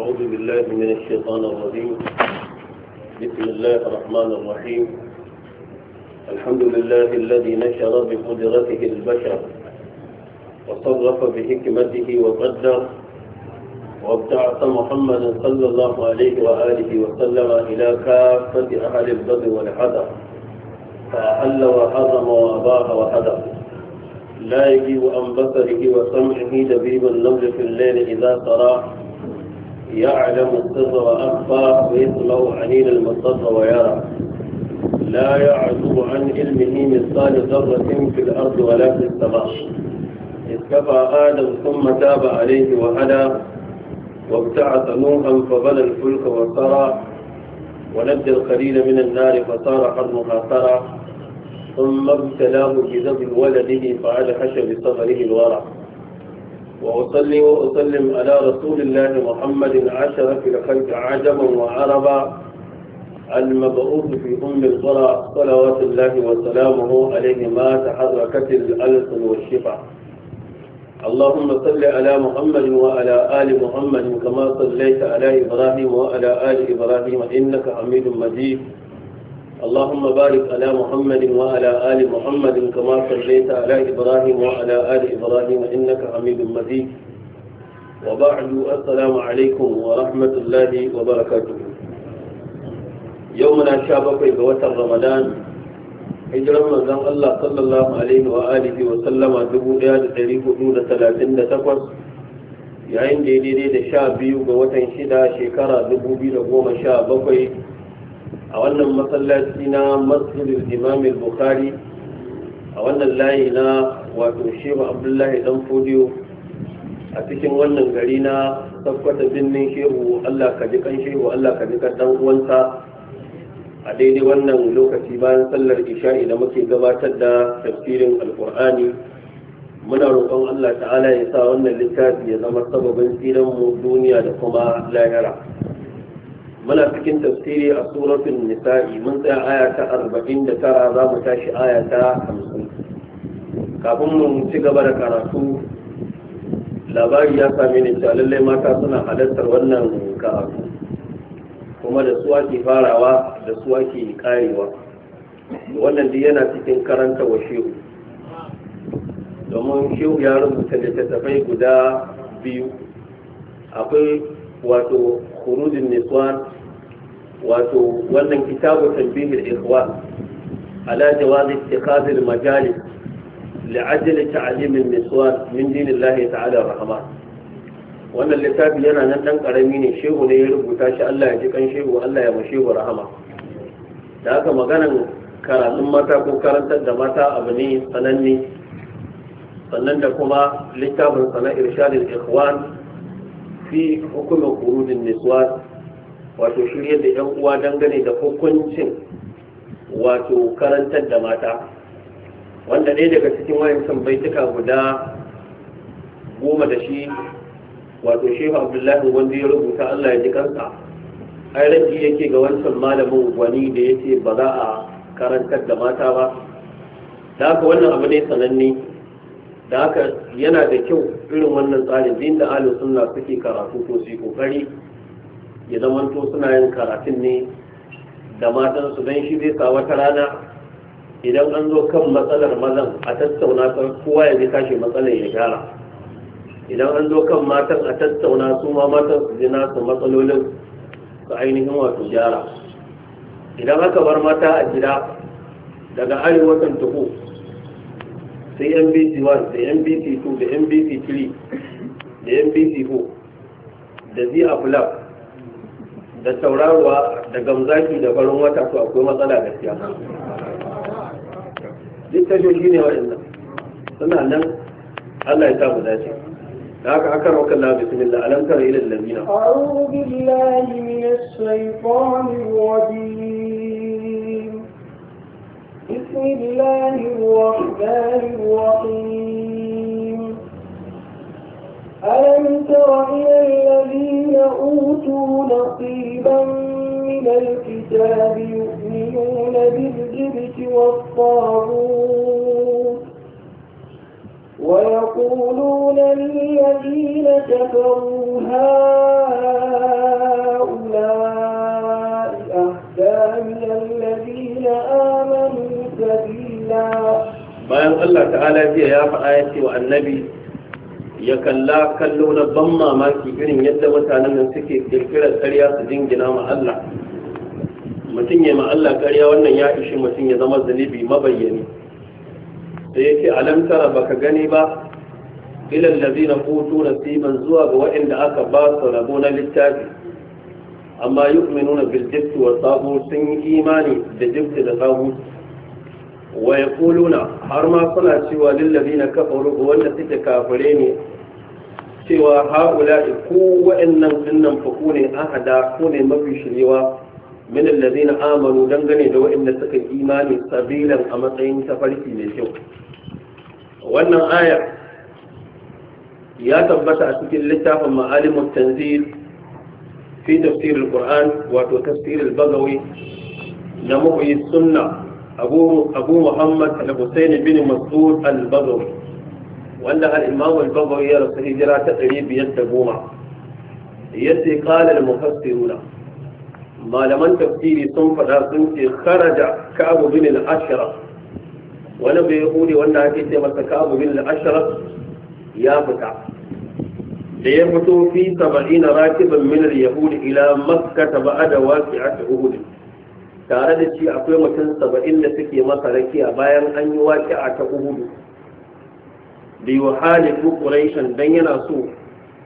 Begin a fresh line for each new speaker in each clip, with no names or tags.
أعوذ بالله من الشيطان الرجيم بسم الله الرحمن الرحيم الحمد لله الذي نشر بقدرته البشر وصرف بحكمته وقدر وابتعث محمدا صلى الله عليه وآله وسلم إلى كافة أهل البر والحذر فأحل وحرم وأباح وحذر لا يجيب عن بصره وسمعه دبيب النمل في الليل إذا صراح يعلم السر وأخفى ويطلع عنين المصطفى ويرى لا يعزب عن علمه مثقال ذرة في الأرض ولا في السماء اتبع آدم ثم تاب عليه وهدى وابتعث نوحا فبنى الفلك وسرى ونجى القليل من النار فصار حرمها سرى ثم ابتلاه بذب ولده فعلى خشب صغره الورع وأصلي وأسلم على رسول الله محمد عشر في الخلق عجبا وعربا المبعوث في أم القرى صلوات الله وسلامه عليه ما تحركت الألسن والشفع اللهم صل على محمد وعلى آل محمد كما صليت على إبراهيم وعلى آل إبراهيم إنك حميد مجيد اللهم بارك على محمد وعلى آل محمد كما صليت على إبراهيم وعلى آل إبراهيم إنك حميد مجيد وبعد السلام عليكم ورحمة الله وبركاته يومنا شابك بوتر رمضان hijiran manzon Allah sallallahu alaihi wa alihi wa sallama dubu ɗaya da ɗari hudu da talatin da takwas yayin da daidai da sha biyu ga watan shida shekara dubu biyu da goma sha bakwai a wannan masallaci na masjidin imam bukhari a wannan layi na wato shehu abdullahi dan fodiyo a cikin wannan gari na tabbata binnin shehu allah ka ji kan shehu allah ka ji kan dan uwansa a daidai wannan lokaci bayan sallar isha'i da muke gabatar da tafsirin alkur'ani muna roƙon allah ta'ala ya sa wannan littafi ya zama sababin tsiranmu duniya da kuma lahira muna cikin tafsiri a surafin nisa'i mun tsaya aya ta 49 za mu tashi aya ta 50 kafin mu ci gaba da karatu labari ya sami ni cewa lallai mata suna halartar wannan karatu kuma da suwa ke farawa da suwa ke karewa wannan duk yana cikin karanta wa shehu domin shehu ya rubuta littattafai guda biyu akwai wato khurujin niswan wato wannan kitabu tanbihul ikhwa ala jawaz ittikhaz al majalis لعجل تعليم النسوان من دين الله تعالى rahama, wannan littafi yana nan dan karami ne shehu ne ya rubuta shi Allah ya ji kan shehu Allah ya mashi wa rahama da haka maganan karatun mata ko karantar da mata abu ne sananne sannan da kuma littafin sana irshadul ikhwan fi hukumar qurudin niswan wato shirye da yan uwa dangane da hukuncin wato karantar da mata wanda ɗaya daga cikin wayancan baituka guda goma da shi wato shehu abdullahi wanda ya rubuta allah ya ji kansa ai rabi yake ga wancan malamin gwani da ya ce ba za a karantar da mata ba da haka wannan abu ne sananne da haka yana da kyau irin wannan tsarin din da alisunna suke karatu ko su yi kokari ya to suna yin karatun ne da matan su don shi zai sa wata rana idan an zo kan matsalar mazan a tattauna kan kowa ya zai tashi matsalar ya gyara idan an zo kan matan a tattauna su ma matan su ji nasu matsalolin su ainihin wato gyara idan aka bar mata a gida daga arewacin tuhu sai mbc 1 da mbc 2 da mbc 3 da mbc 4 da zia flap da tauraruwa da gamzaki da barin wata to akwai matsala gaskiya duk shi ne waɗannan suna nan Allah ya sa mu dace da haka aka rauka Allah bismillah alam tara ila allazina a'udhu billahi minash shaitanir rajim bismillahir rahmanir rahim ألم تر إلى الذين أوتوا نصيبا من الكتاب يؤمنون بالجبت والطاغوت ويقولون للذين كفروا هؤلاء أهدى من
الذين آمنوا سبيلا
ما يقول الله تعالى فيها يا وعن والنبي ya kalla kallo na ban mamaki irin yadda mutanen nan suke kirkirar ƙarya su jingina ma Allah mutum ya ma Allah ƙarya wannan ya ishi mutum ya zama zunubi mabayyani da yake alam tara baka gani ba ilal ladina qutu nasiban zuwa ga waɗanda aka ba su rabo na littafi amma yu'minuna bil jibt wa sabu sun yi imani da jibt da sabu wa yaquluna har ma suna cewa lil ladina kafaru wanda suke kafire ne cewa haula ko wa'annan dinnan fa ko ne ahada ko ne mafi shirewa min allazina amanu dangane da wa'annan suka imani sabilan a matsayin tafarki ne kyau wannan aya ya tabbata a cikin littafin ma'alimut tanzil fi tafsir alquran quran wato tafsir albagawi na mu'ayyi sunna abu abu muhammad al-husayn bin mas'ud al-bagawi wanda al-imam al-bagawi ya rasu hijira ta 510 yace qala al-mufassiruna malaman tafsiri sun faɗa sun ce kharaja ka'abu bin al-ashra wani bai yahudi wanda ake ce masa ka'abu bin al-ashra ya fita da ya fito fi saba'ina rakiban min al-yahudi ila makka ba'da waqi'at uhud tare da shi akwai mutum saba'in da suke masa rakiya bayan an yi waƙi'a ta uhudu da yi halifu ƙuraishan don yana so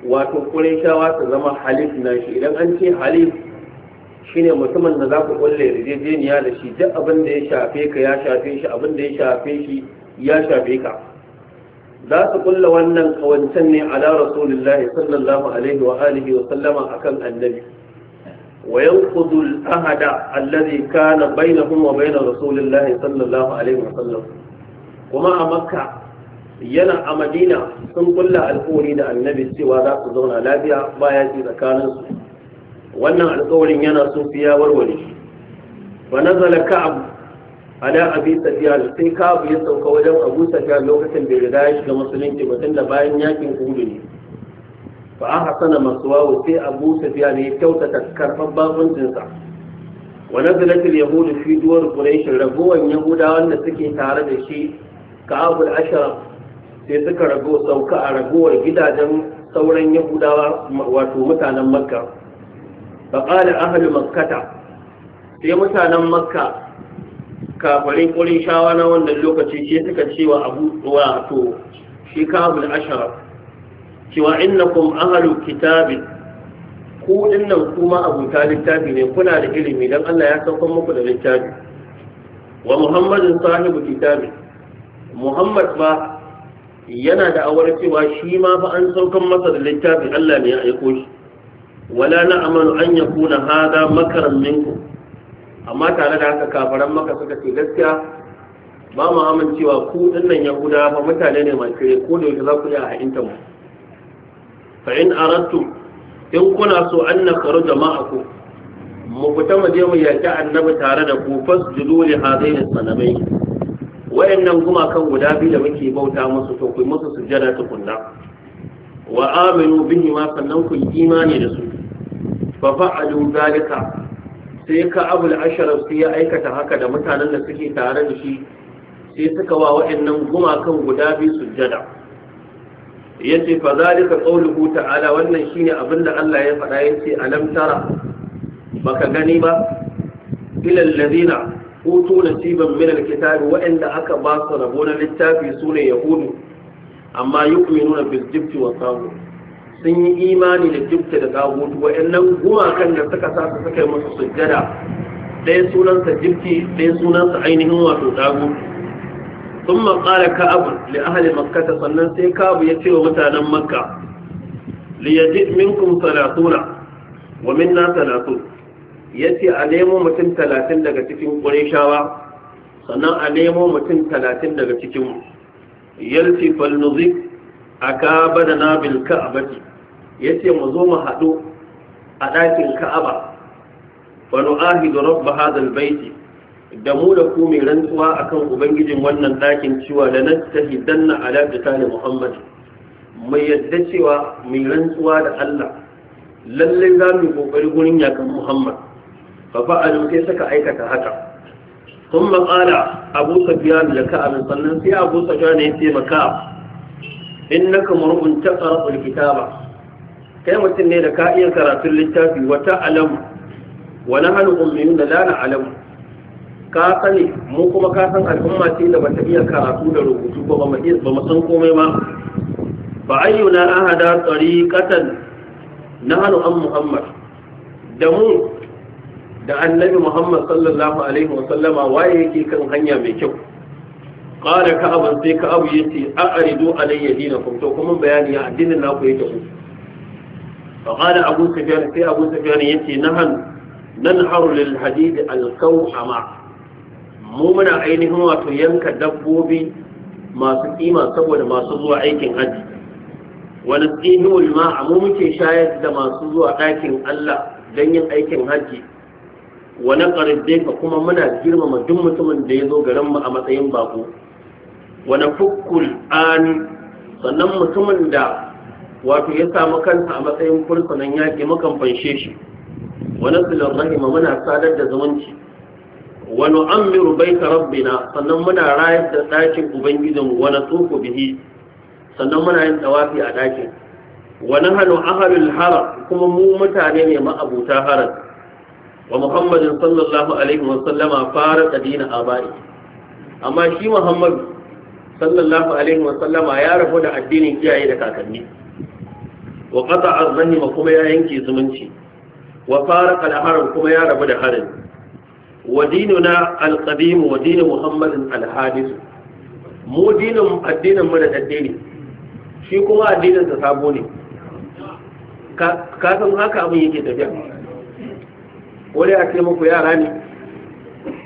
wato ƙuraishawa ta zama halif na shi idan an ce halif shine mutumin da za ku ƙulle yarjejeniya da shi duk abin da ya shafe ka ya shafe shi abin da ya shafe shi ya shafe ka za su ƙulla wannan kawancan ne ala rasulillahi sallallahu alaihi wa alihi wa sallama akan annabi وينقض الأهد الذي كان بينهم وبين رسول sallallahu alaihi wa sallam. Kuma a مكة yana a madina sun kulla alkawari da annabi cewa za su zauna lafiya baya ce tsakaninsu wannan alkawarin yana sun fiya warware fa nazala ka'ab ala abi da sai ka'ab ya sauka wajen abu tafiya lokacin da riga ya shiga musulunci ba da bayan yakin kudu ne a fa masu maswahu sai abu sufyan ya kyautata karfan bakuncinsa wa nazalat yahudu fi duwar quraish rabuwan yahudawan da suke tare da shi ka'ab al-ashraf sai suka rago sauka a ragowar gidajen sauran yahudawa wato mutanen makka faƙali ahalin makkata sai mutanen makka kafarin ƙorin shawa na wannan lokaci ce suka cewa abu wato shi kabul ashara cewa kuma ahalu kitabin ku dinnan kuma abuta littafi ne kuna da ilimi don Allah ya saukan muku da littafi wa muhammadin sahibu kitabin muhammad ba yana da awar cewa shi ma fa an saukan masa da littafin Allah ne ya aiko shi wala na amanu an ya kuna hada makaran minku amma tare da haka kafaran maka suka ce gaskiya ba mu amincewa ku dinnan yahuda fa mutane ne masu kire ko da za ku yi a ha'inta mu fa in aratu in kuna so an na karu jama'aku mu fita mu je mu yaki annabi tare da ku fasjudu li hadaini sanabai. Waɗannan gumakan guda biyu da muke bauta musu to ku musu sujjada tukunna wa aminu bihi ma sannan ku imani da su fa fa'alu zalika sai ka abul asharaf sai ya aikata haka da mutanen da suke tare da shi sai suka wa waɗannan gumakan guda biyu sujjada yace fa zalika qawluhu ta'ala wannan shine da Allah ya faɗa yace alam tara baka gani ba ilal ladina hutu na cibin minar kitabi waɗanda aka ba su rabo na littafi su ne yahudu amma yi kuma na birjibti wa sabo sun yi imani da jifta da tagutu waɗannan gumakan da suka sa su suka yi musu sujjada ɗaya sunansa jibti ɗaya sunansa ainihin wato tagutu sun maƙara ka'abu da ahali makkata sannan sai kabu ya ce wa mutanen makka li minkum salatuna wa minna salatuna ya ce a nemo mutum talatin daga cikin ƙurishawa sannan a nemo mutum talatin daga cikin yalci falnuzik a kaba da nabil ka'abati ya ce mu zo mu haɗu a ɗakin ka'aba wani ahi da rabba hadal baiti da mu da ku mai rantsuwa akan ubangijin wannan ɗakin ciwo da nan ta hidanna ala da muhammad mai yadda cewa mai rantsuwa da allah lallai za mu yi ƙoƙari gurin yakan muhammad ففعلوا كي سكا أيكا هكا ثم قال أبو سفيان لكعب صلى في أبو سفيان في مكعب إنك مرء تقرأ الكتابة كما تني لك إن قرأت للتافي وتعلم ونحن أميون لا نعلم ka sani mu kuma ka san al'umma ce da bata iya karatu da rubutu ba ba mu san komai ba ba ayyuna ahada tsariqatan nahnu an muhammad da mu da annabi muhammad sallallahu alaihi wasallama waye yake kan hanya mai kyau ƙara ka'aban sai ka abu yace a arido alayya dina kuma to kuma bayani ya addinin naku yake ku fa qala abu sufyan sai abu sufyan yace nahan haru lil hadid al kawhama mu muna ainihin wato yanka dabbobi masu kima saboda masu zuwa aikin haji wani tsihimul ma mu muke shayar da masu zuwa ɗakin Allah don yin aikin hajji. wa naqrid ka kuma muna girmama duk mutumin da ya zo garin mu a matsayin bako wa nafukkul an sannan mutumin da wato ya samu kansa a matsayin fursunan yaƙi mukan fanshe shi wa tsilar rahima muna sadar da zumunci wa nu'ammiru baita rabbina sannan muna rayar da ɗakin ubangijin wa tsoko bihi sannan muna yin tsawafi a ɗakin wa nahanu ahlul hara kuma mu mutane ne ma'abuta Harar. wa muhammadin sallallahu alaihi wasallama fara kadina a ba'i amma shi muhammadu sallallahu alaihi wasallama ya rabu da addinin kiyaye da kakanni wa qata arzahima kuma ya yanke zumunci wa fara alharam kuma ya rabu da harin wa dinuna alqadim wa dinin muhammadin alhadis mu dinin addinin mu da daddare shi kuma addinin sa sabo ne ka san haka abin yake tafiya ko dai a ce muku yara ne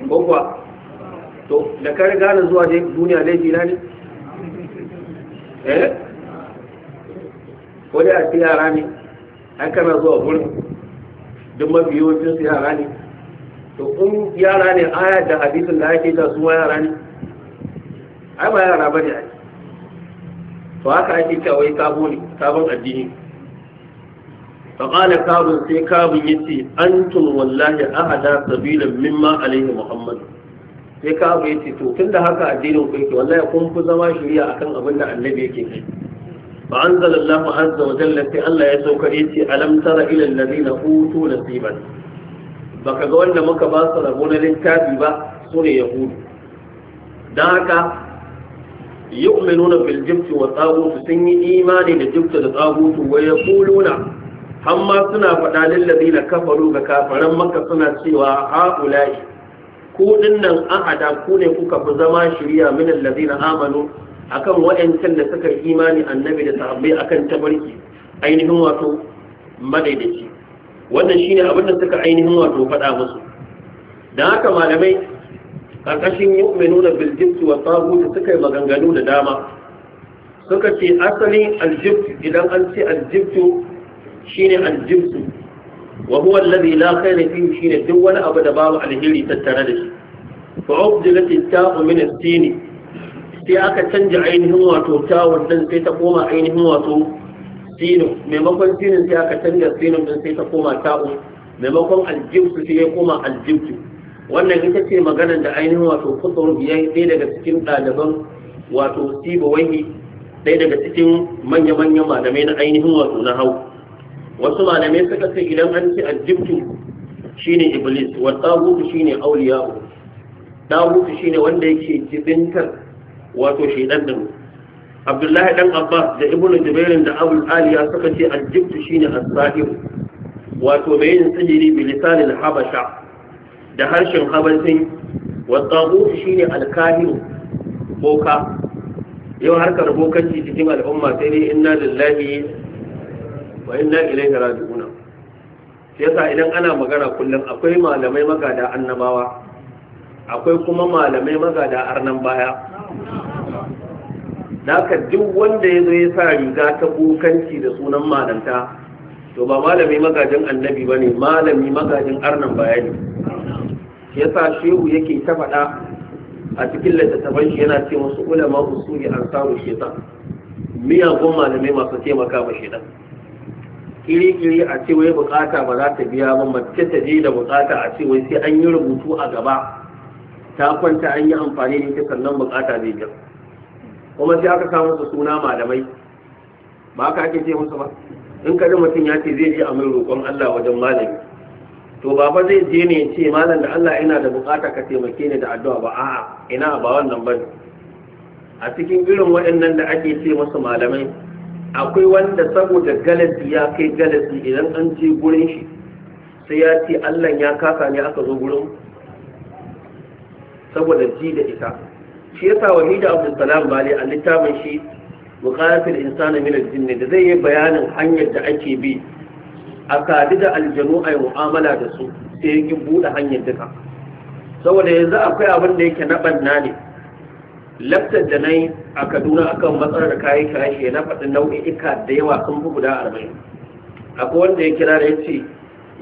ko kuwa to da kare gane zuwa dai duniya laifi na ne eh ko dai a ce yara ne an kana zuwa gurin duk mafi yawancin su yara ne to in yara ne aya da hadisin da ake da su yara ne ai ba yara ba ne ai to haka ake kawai sabo ne sabon addini فقال كاب سي كاب يتي أنتم والله أهدى سبيلا مما عليه محمد sai ka ya ce to tun da haka addinin ku yake wallahi kun fi zama shari'a akan abin da annabi yake kai fa anzalallahu azza wa jalla sai Allah ya sauka yace alam tara ila alladhina utu nasiban baka ga wanda muka ba su rabo na littafi ba sune yahudu dan haka yu'minuna bil jibti wa taghut sun yi imani da jibta da taghut wa yaquluna amma suna faɗa lillazi na kafaru ga kafaran maka suna cewa ha'ula'i ku dinnan ahada ku ne kuka fi zama shirya min allazi na amanu akan wa'ancan da suka imani annabi da sahabbai akan tabarki ainihin wato madaidaci wannan shine abin da suka ainihin wato faɗa musu dan haka malamai karkashin yu'minuna bil jibti wa taghut suka yi maganganu da dama suka ce asali aljibtu idan an ce aljibtu shine aljibsu wa huwa alladhi la khayra fihi shine duk wani abu da babu alheri tattare da shi fa ubdilat ta'u min as-sin sai aka canja ainihin wato ta'un din sai ta koma ainihin wato sinu maimakon sinin sai aka canja sinin din sai ta koma ta'u maimakon aljibsu sai ya koma aljibsu wannan ita ce maganar da ainihin wato kusur ya ɗaya daga cikin ɗaliban wato siba wani ɗaya daga cikin manya-manyan malamai na ainihin wato na hau wasu malamai suka ce idan an ce aljibtu shi ne iblis wa tagutu shine awliya'u tagutu ne wanda yake jibintar wato shaidan din abdullahi dan abbas da Ibn jubair da abul aliya suka ce aljibtu shine as-sahib wato mai yin sihiri bi lisanil habasha da harshen habasin wa tagutu shi ne kahin boka yau harkar bokanci cikin al'umma sai dai inna lillahi wa inna ilaihi raji'una shi yasa idan ana magana kullum akwai malamai magada annabawa akwai kuma malamai magada arnan baya haka duk wanda ya zo ya sa riga ta kokanci da sunan malanta to ba malami magajin annabi ba ne malami magajin arnan baya ne Siyasa yasa shehu yake ta faɗa a cikin littattafan shi yana ce musu ulama usuli an samu shetan miyagun malamai masu taimaka ma shetan iri-iri a ce wai bukata ba za ta biya ba mace ta je da bukata a ce wai sai an yi rubutu a gaba ta kwanta an yi amfani da ita sannan bukata zai biya kuma sai aka samu su suna malamai ba ka ake ce musu ba in ka mutum ya ce zai je a mai roƙon Allah wajen malami to ba fa zai je ne ya ce malam da Allah ina da bukata ka taimake ni da addu'a ba a'a ina ba wannan ba a cikin irin waɗannan da ake ce musu malamai akwai wanda saboda galasi ya kai galasi idan an ce gurin shi sai ya ce allah ya kasa ne aka zo gurin saboda ji da ita shi ya sa wahida abdulsalam bali a littafin shi bukatar insana min aljinni da zai yi bayanin hanyar da ake bi a kadi da aljanu a yi mu'amala da su sai ya buɗe hanyar duka saboda yanzu akwai abin da yake na ɓanna ne laftar da na yi a kaduna akan matsalar kayan shaye na faɗi nau'i'ika da yawa sun fi guda arba'in akwai wanda ya kira da ya ce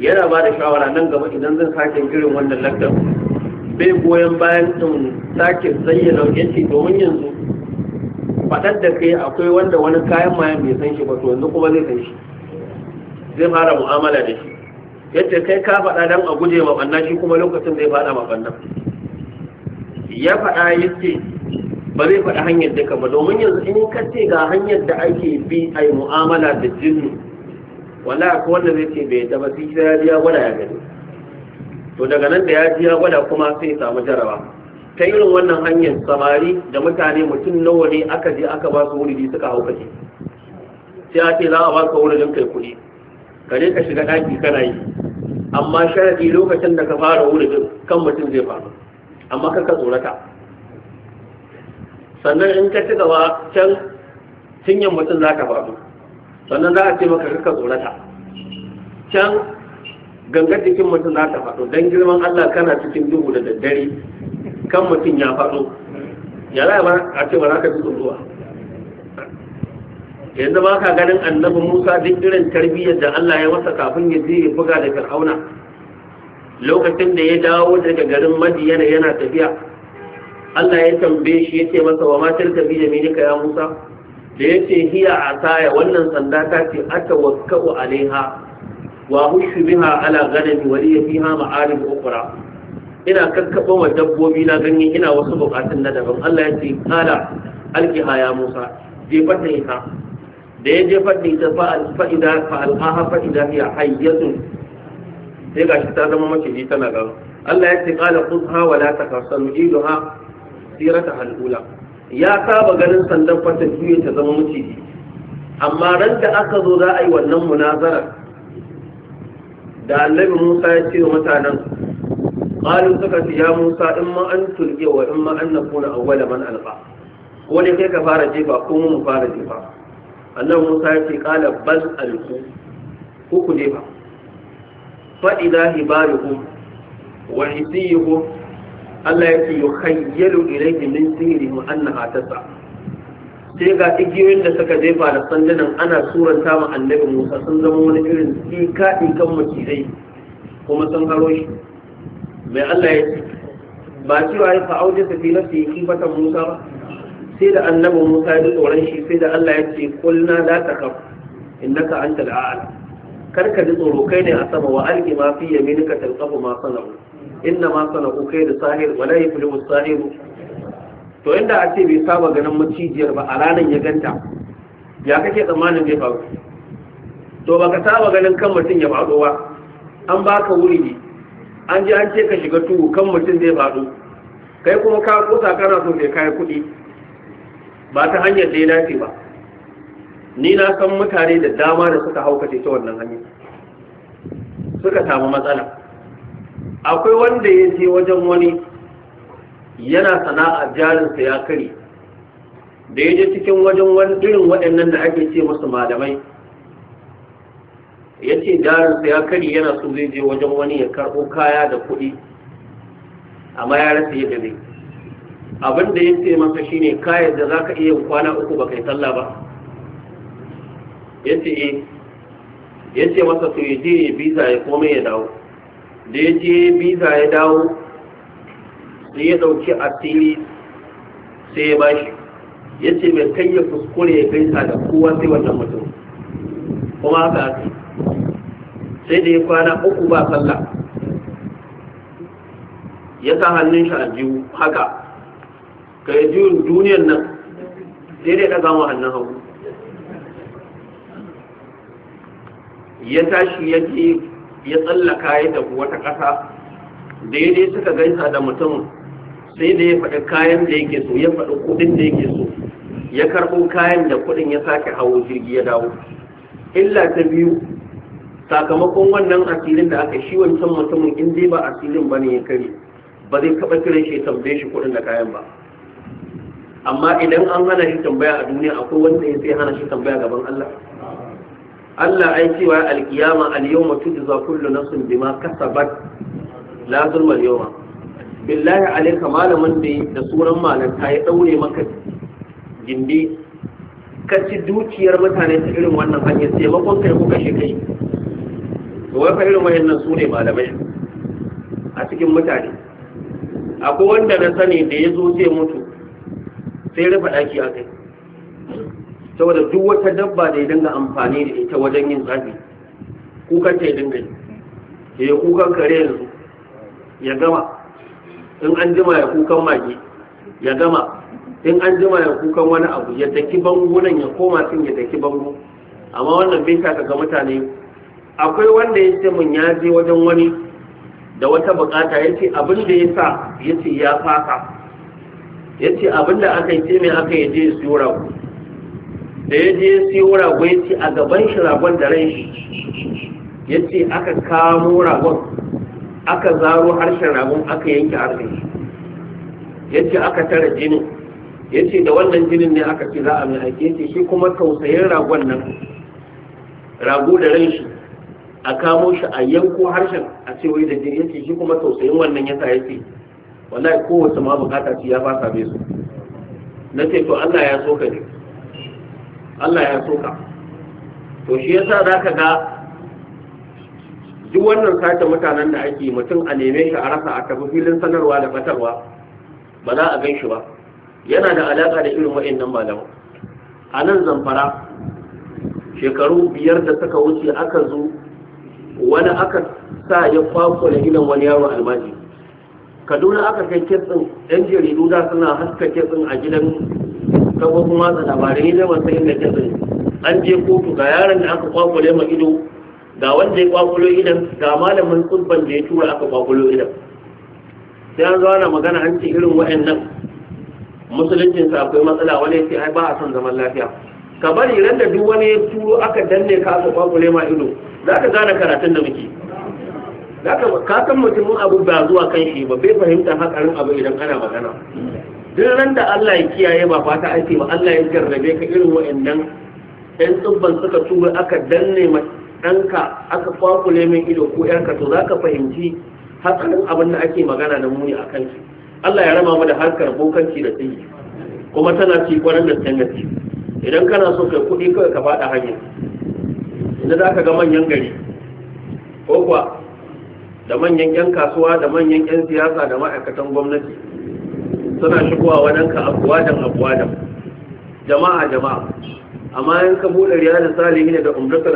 yana ba da shawara nan gaba idan zan sake girin wannan laftar bai goyon bayan sun sake zayyana yanci domin yanzu faɗar da kai akwai wanda wani kayan mayan bai san shi ba to yanzu kuma zai san zai fara mu'amala da shi yadda kai ka faɗa dan a guje ma shi kuma lokacin zai faɗa ma ɓanna ya faɗa yake ba zai faɗi hanyar da ba domin yanzu in ka ce ga hanyar da ake bi a yi mu'amala da jinnu wala ko wanda zai ce bai da ba sai ya ji ya gwada ya gani to daga nan da ya ji ya gwada kuma sai samu jarawa ta irin wannan hanyar samari da mutane mutum nawa ne aka je aka ba su wuri suka hau sai a ce za a ba ka wurin kai kuɗi ka je ka shiga ɗaki kana yi amma sharadi lokacin da ka fara wurin kan mutum zai faru amma ka ka tsorata sannan in ka ci gaba can cinyan mutum za ka faɗo sannan za a ce maka rika tsorata can gangar jikin mutum za ta faɗo don girman Allah kana cikin duhu da daddare kan mutum ya faɗo ya za a ce ba za ka ji tsoruwa yanzu ba ka ganin annabi Musa duk irin tarbiyyar da Allah ya masa kafin ya je ya buga da Fir'auna lokacin da ya dawo daga garin Madiyana yana tafiya Allah ya tambaye shi yace masa wa ma tilka bi yaminika ya Musa da yace hiya asaya wannan sanda ta ce atawakkau alaiha wa hushu biha ala ghanami wa liya fiha ma'arib ukhra ina kakkaba wa dabbobi na ganye ina wasu bukatun na daban Allah ya ce kala alkiha ya Musa je da ita da ya jefar da ita fa'ida fa'al'aha fa'ida ya hayyatun sai gashi ta zama mace tana gaba Allah ya ce kala khudha wa la takasanu iluha sirata halula ya saba ganin sandan fata juye ta zama maciji amma ran da aka zo za a yi wannan munazara da annabi Musa ya ce wa mutanen qalu suka ce ya Musa in ma an tulge wa in ma an a awwala man alqa ko ne kai ka fara jefa ko mu fara jefa annabi Musa ya ce qala bal alqu ko ku jefa fa idza hibaruhum wa hisiyuhum Allah ya ce yukhayyalu ilayhi min sihrihim annaha tas'a sai ga igiyoyin da suka jefa da sandunan ana suranta ma annabi Musa sun zama wani irin tsika kan macizai kuma sun haro shi mai Allah ya ce ba wa ya fa'auje sa fi yi kifatan Musa ba sai da annabi Musa ya tsoron shi sai da Allah ya ce kulna la takhaf innaka antal a'la kar ka ji tsoro kai ne a sama wa alqi ma fi yaminika talqafu ma sana'u inna ma sana ukai da sahir wala yuflihu sahir to inda a ce bai saba ganin macijiyar ba a ranar ya ganta ya kake tsammanin zai faru to baka saba ganin kan mutum ya faɗo ba an baka wuri ne an ji an ce ka shiga tuhu kan mutum zai faɗo kai kuma ka kusa kana so kai kayan kuɗi ba ta hanyar da ya dace ba ni na san mutane da dama da suka haukace ta wannan hanyar suka samu matsala akwai wanda ya je wajen wani yana sana'a jarinsa ya kari, da ya je cikin wajen wani irin waɗannan da ake ce masu malamai ya ce jarinsa ya kari yana so zai je wajen wani ya karɓo kaya da kuɗi amma ya rasa yi zai abin da ya ce masa shine kayan da za ka iya kwana uku ba kai sallah ba ya ce eh. masa to ya je ya biza ya komai ya dawo da ya je biza ya dawo sai ya dauki a asiri sai ya bashi ya ce mai kai ya kuskure ya gaisa da kowa sai wannan mutum kuma haka haka sai da ya kwana uku ba sallah ya sa hannun shi a jiwu haka ka yi jiwu duniyar nan sai dai ɗaga wa hannun hagu ya tashi ya ce ya tsallaka ya tafi wata ƙasa daidai suka gaisa da mutum sai da ya faɗi kayan da yake so ya faɗi kuɗin da yake so ya karɓo kayan da kuɗin ya sake hawo jirgi ya dawo illa ta biyu sakamakon wannan asirin da aka shi wancan mutumin in dai ba asirin ba ne ya kare ba zai taɓa kiran shi tambaye shi kuɗin da kayan ba amma idan an hana shi tambaya a duniya akwai wanda ya sai hana shi tambaya gaban Allah Allah ai cewa alkiyama al-yawma tujza kullu nafsin bima kasabat la zulma al-yawma billahi alayka malamin da da malan ta ya daure maka gindi kaci dukiyar mutane ta irin wannan hanyar makon kai kuka shi kai to wa fa irin wayannan sune malamai a cikin mutane akwai wanda na sani da ya sai mutu sai rufe daki a kai saboda duk wata dabba da ya dinga amfani da ita wajen yin tsafi kukan ta ya dinga yi ya kukan kare yanzu ya gama in an jima ya kukan mage ya gama in an jima ya kukan wani abu ya taki bango nan ya koma sun ya taki bango amma wannan bai taka ga mutane akwai wanda ya ce mun ya je wajen wani da wata bukata ya ce abin da ya sa ya ce ya fasa ya ce abin da aka yi ce mai aka yi je su rago da ya je sai ragon ya ce a gaban shi ragon da ran shi ya ce aka kamo ragon aka zaro harshen ragon aka yanke harshen shi ya ce aka tara jinin ya ce da wannan jinin ne aka fi za a mai aiki ya ce shi kuma tausayin ragon nan rago da rai shi a kamo shi a yanko harshen a ce wai da jini ya ce shi kuma tausayin wannan ya sa ya ce wallahi kowace ma bukata ce ya fasa bai su na ce to Allah ya so ka ne Allah ya soka to shi yasa zaka ga duk wannan sake mutanen da ake mutum a neme shi a rasa a tafi filin sanarwa da batarwa ba za a gan shi ba yana da alaka da irin nan malaman a nan zamfara shekaru biyar da suka wuce aka zo wani aka sa ya kwakwa da gidan wani yaro almaji kaduna aka kai kitsin yan jaridu da suna haska kitsin a gidan kafofin watsa labarai ne ban sai da kaza an je kotu ga yaron da aka kwakule ma ido ga wanda ya kwakulo idan ga malamin tsubban da ya tura aka kwakulo idan sai an zo ana magana an ce irin wa'annan musuluncin sa akwai matsala wani sai ai ba a son zaman lafiya ka bari ran da duk wani ya turo aka danne ka aka kwakule ma ido za ka gane karatun da muke ka san mutumin abu ba zuwa kan shi ba bai fahimta hakarin abu idan ana magana duk ran da Allah ya kiyaye ba fata ake ba Allah ya jarrabe ka irin wa'annan ɗan tsubban suka tuba aka danne ma ɗanka aka kwakule min ido ko ƴarka to za ka fahimci hatsarin abin da ake magana da muni a kanki Allah ya rama mu da harkar bokanci da tsayi kuma tana ci kwanan da tsangaci idan kana so kai kuɗi kawai ka faɗa hanya inda za ka ga manyan gari ko kuwa da manyan ƴan kasuwa da manyan ƴan siyasa da ma'aikatan gwamnati suna shigowa wadanka abuwadan abuwadan jama'a jama'a amma in ka buɗe salihi ne da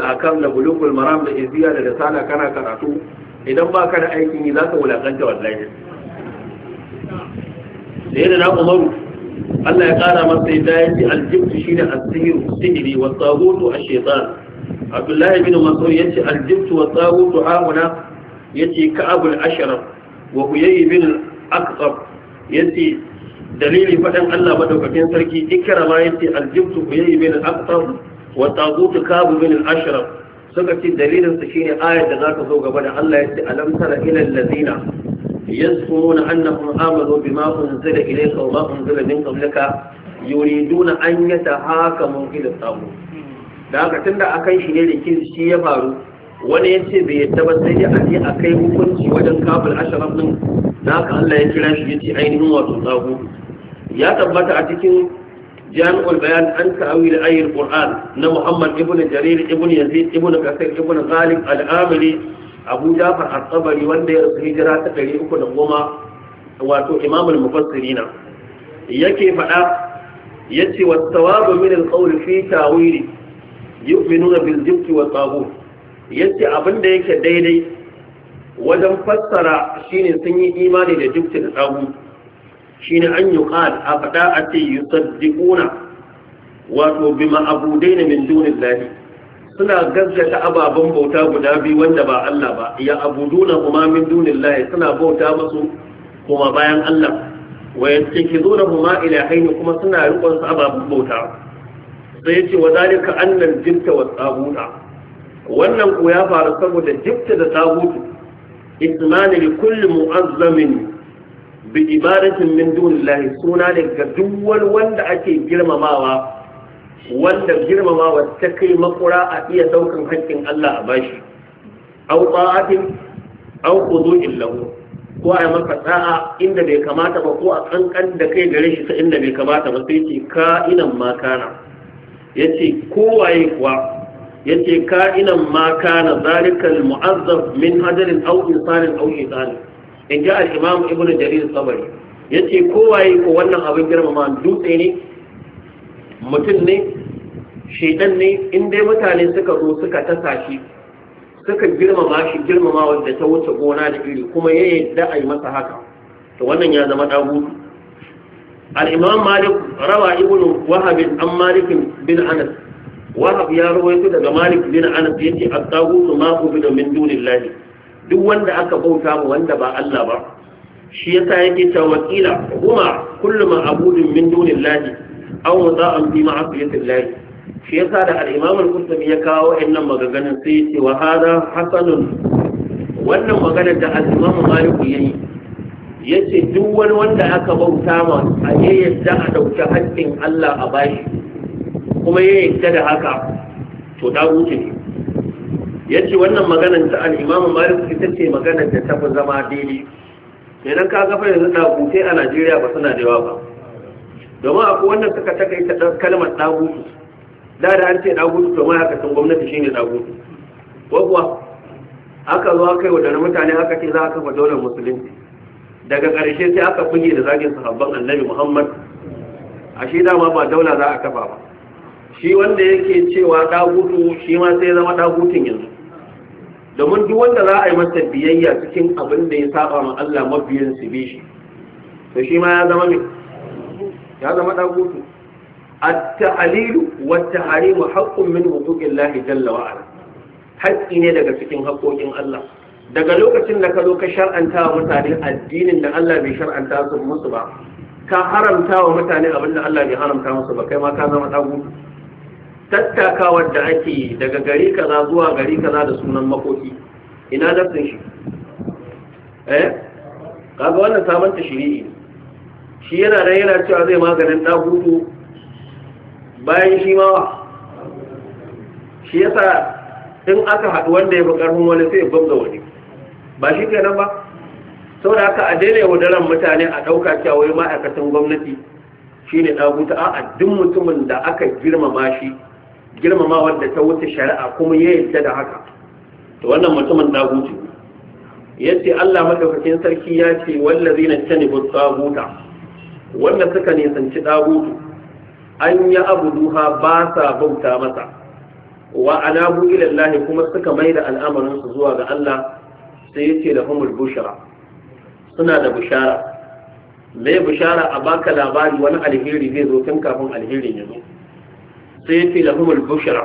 a kan na bulugul maram da iziya da risala kana karatu idan ba ka da aikin yi za ka wulakanta wallahi da yana na umaru Allah ya kara masa yadda ya ce aljibtu shi shine asihiru sihiri wa tsagutu a shaitan abdullahi bin mas'ud ya ce aljibtu wa tsagutu Hamuna ya ce ka'abul ashraf wa huyayi bin aqsab yace dalili faɗin Allah madaukakin sarki ikrama yace aljibtu uyayi bin al-aqtab wa tagut kabu bin al-ashraf suka ce dalilin shine ayar da zaka zo gaba da Allah yace alam tara ila allazina yasfuruna annahum amanu bima unzila ilayka wa ma unzila min qablika yuriduna an yatahakamu ila tagut da haka tunda akan shi ne rikin shi ya faru wani ya ce bai yadda ba sai dai a a kai hukunci wajen kafin asharaf din da haka Allah ya kira shi yace ainihin wato tsago ya tabbata a cikin jami'ul bayan an ta'awil ayyul qur'an na Muhammad ibn Jarir ibn Yazid ibn Kasir ibn Ghalib al-Amili Abu Jafar al-Tabari wanda ya rubuta hijira ta 310 wato Imam al-Mufassirin yake faɗa yace wa tawabu min al-qawl fi ta'wili yu'minuna bil jibt wa taghut yace abinda yake daidai wajen fassara shine sun yi imani da jibti da tsagu shine an yi qal a faɗa a ce yusaddiquna wato bi na min dunin dunillahi suna gaskata ababen bauta guda biyu wanda ba Allah ba ya abuduna kuma min dunin dunillahi suna bauta musu kuma bayan Allah wa yattakizuna huma ilahain kuma suna rikon su ababen bauta sai yace wa zalika annal jifta wa tsabuta wannan ko ya faru saboda jifta da tsabuta ismani li kulli mu'azzamin bi ibadatin suna ne ga duk wani wanda ake girmamawa wanda girmamawa ta kai makura a iya daukan haƙƙin Allah a bashi au ta'atin au khudu'in lahu ko a maka da'a inda bai kamata ba ko a kankan da kai gare shi ta inda bai kamata ba sai ce ka inan ma kana yace kowaye kuwa yace ka'inan ma kana zalikal mu'azzaf min hadarin aw insanin aw shaytan in ja al-imam ibnu jarir sabari yace waye ko wannan abin girmama dutse ne mutum ne shaytan ne in dai mutane suka zo suka tasa shi suka girmama shi girmama wanda ta wuce gona da iri kuma yayi da ai masa haka to wannan ya zama dagutu al-imam malik rawa ibnu wahab an malik bin anas wahab ya rawaito daga malik bin anas yace at-taghut ma ubida min dunillahi duk wanda aka bauta mu wanda ba Allah ba shi yasa yake ta wakila kuma kullu ma abudun min dunillahi aw muta'an fi ma'asiyatillahi shi yasa da al-imam al-qurtubi ya kawo wannan magaganin sai yace wa hada hasanun wannan maganar da al-imam malik yayi ya ce duk wani wanda aka bauta ma a ya yadda a ɗauki haƙƙin Allah a bashi kuma ya yadda da haka to da wuce ne ya ce wannan maganar ta al'imamu malik ita ce maganar da ta fi zama daidai dan ka gafa yanzu ɗagutai a najeriya ba suna da yawa ba domin akwai wannan suka taka ita kalmar ɗagutu da da an ce ɗagutu to ma'aikatan gwamnati shine da ko kuwa aka zo aka yi wadannan mutane aka ce za a kafa daular musulunci daga ƙarshe sai aka buge da zagin sahabban annabi muhammad ashe dama ba daula za a kafa ba shi wanda yake cewa ɗagutu shi ma sai zama ɗagutun yanzu domin duk wanda za a yi masa biyayya cikin abin da ya saba ma Allah mabiyin su bi shi to shi ma ya zama me ya zama ɗagutu at-ta'lilu wat-tahrimu haqqun min huquqillahi jalla wa ala haƙƙi ne daga cikin haƙƙoƙin Allah daga lokacin da ka zo ka shar'anta wa mutane addinin da Allah bai shar'anta su musu ba ka haramta wa mutane abin da Allah bai haramta musu ba kai ma ka zama ɗagutu tattakawar da ake daga gari kaza zuwa gari kaza da sunan makoki ina lafin shi eh kaga wannan sabon tashri'i shi yana da yana cewa zai maganin dagutu bayan shi ma shi yasa in aka haɗu wanda ya fi ƙarfin wani sai ya gwamza wani ba shi kenan ba saboda haka a daina wadaran mutane a ɗauka cewa wai ma'aikatan gwamnati shine dagutu a'a duk mutumin da aka girmama shi girmamawar da ta wuce shari'a kuma ya yadda da haka to wannan mutumin dagutu yace Allah madaukakin sarki ya ce wallazina tanibu tsaguta wanda suka nisanci dagutu an ya duha ba sa bauta masa wa anabu ilallahi kuma suka maida al'amarin su zuwa ga Allah sai ce da humul bushra suna da bushara me bushara a baka labari wani alheri zai zo tun kafin alherin ya zo sai ya ce lahumul bushra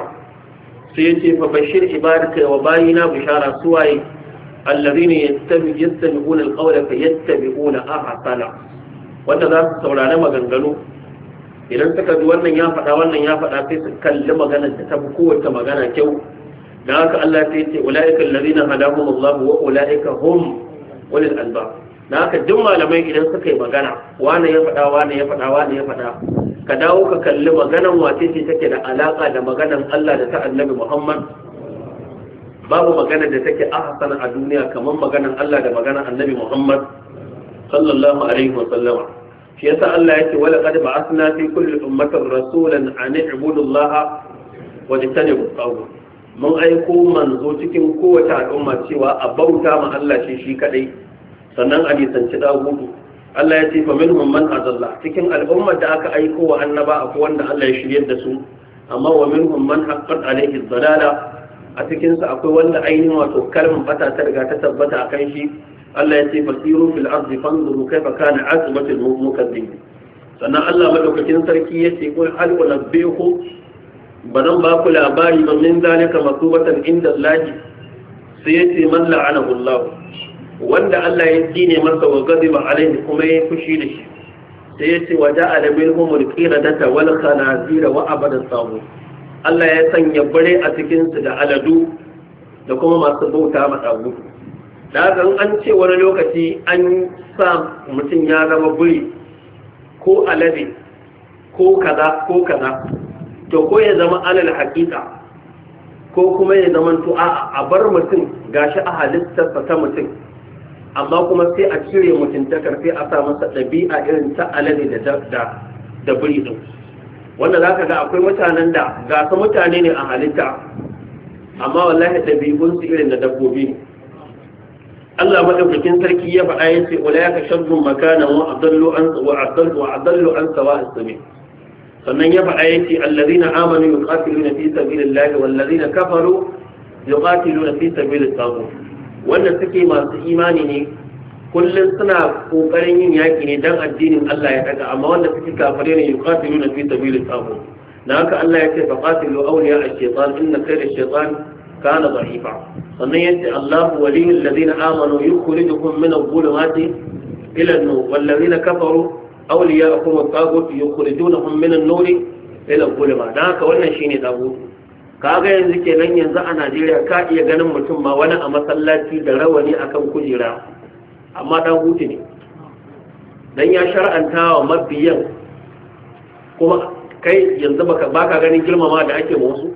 sai ya ce fa bashir ibadaka wa bayina bushara suwaye الذين يتبعون القول فيتبعون أحسنه wanda za su saurari maganganu idan suka ji wannan ya faɗa wannan ya faɗa sai su kalli maganar ta fi kowace magana kyau da haka Allah sai ce ulaika allazina hadahum Allah wa ulaika hum ulul albab da haka duk malamai idan suka yi magana wani ya faɗa wani ya faɗa wani ya faɗa ka dawo ka kalli maganan wace ce take da alaƙa da maganan Allah da ta annabi Muhammad babu maganar da take ahsan a duniya kamar maganan Allah da maganan annabi Muhammad sallallahu alaihi wa sallama shi yasa Allah yake wala qad ba'athna fi kulli ummatin rasulan an i'budu Allah wa tanibu qawm mun aiko manzo cikin kowace al'umma cewa a bauta ma Allah shi shi kadai sannan a nisanci dagudu Allah ya ce fa minhum man azalla cikin al'ummar da aka aiko wa annaba akwai wanda Allah ya shiryar da su amma wa minhum man haqqat alayhi dhalala a cikin akwai wanda ainihin wato kalmar bata ta riga ta tabbata akan shi Allah ya ce fasiru fil ardi fanzuru kaifa kana aqibatu al-mukazzibin sannan Allah madaukakin sarki ya ce kul hal unabbihu bazan ba ku labari ba min zalika masubatan inda Allah sai ya ce man la'anahu Allah wanda Allah ya tsine masa wa gaziba alaihi kuma ya fushi da shi sai ya ce waje a labin humul qiradata wal khanazira wa abadan samu Allah ya sanya bare a cikin su da aladu da kuma masu bauta ma tsagu da haka an ce wani lokaci an sa mutum ya zama buri ko alade ko kaza ko kaza to ko ya zama alal haƙiƙa ko kuma ya zama to a bar mutum gashi a halittarsa ta mutum amma kuma sai a cire mutuntakar sai a sa masa ɗabi'a irin ta alade da da buri ɗin wanda za ka ga akwai mutanen da ga su mutane ne a halitta amma wallahi ɗabi'un su irin da dabbobi ne Allah madaukakin sarki ya faɗa ya ce wala yaka shabbu makana wa adallu an wa adallu wa adallu an sawa as-sabil sannan ya faɗa ya ce allazina amanu yuqatiluna fi sabilillahi wallazina kafaru yuqatiluna fi sabilit taghut wanda suke masu imani ne kullum suna kokarin yin yaki ne dan addinin Allah ya daga amma wanda suke kafare ne yuqatiluna fi sabilil taghut dan haka Allah ya ce fa qatilu awliya ash-shaytan inna kayda ash-shaytan kana dha'ifa sannan yace Allah waliyul ladina amanu yukhrijuhum min adh-dhulumati ila an-nur wal ladina kafaru awliya'uhum at-taghut yukhrijunahum min an-nur ila adh-dhulumati dan haka wannan shine taghut kaga yanzu kenan yanzu a Najeriya ka iya ganin mutum ma wani a masallaci da rawani akan kujera amma dan hutu ne dan ya shar'anta wa mabiyan kuma kai yanzu baka ganin girmama da ake ma wasu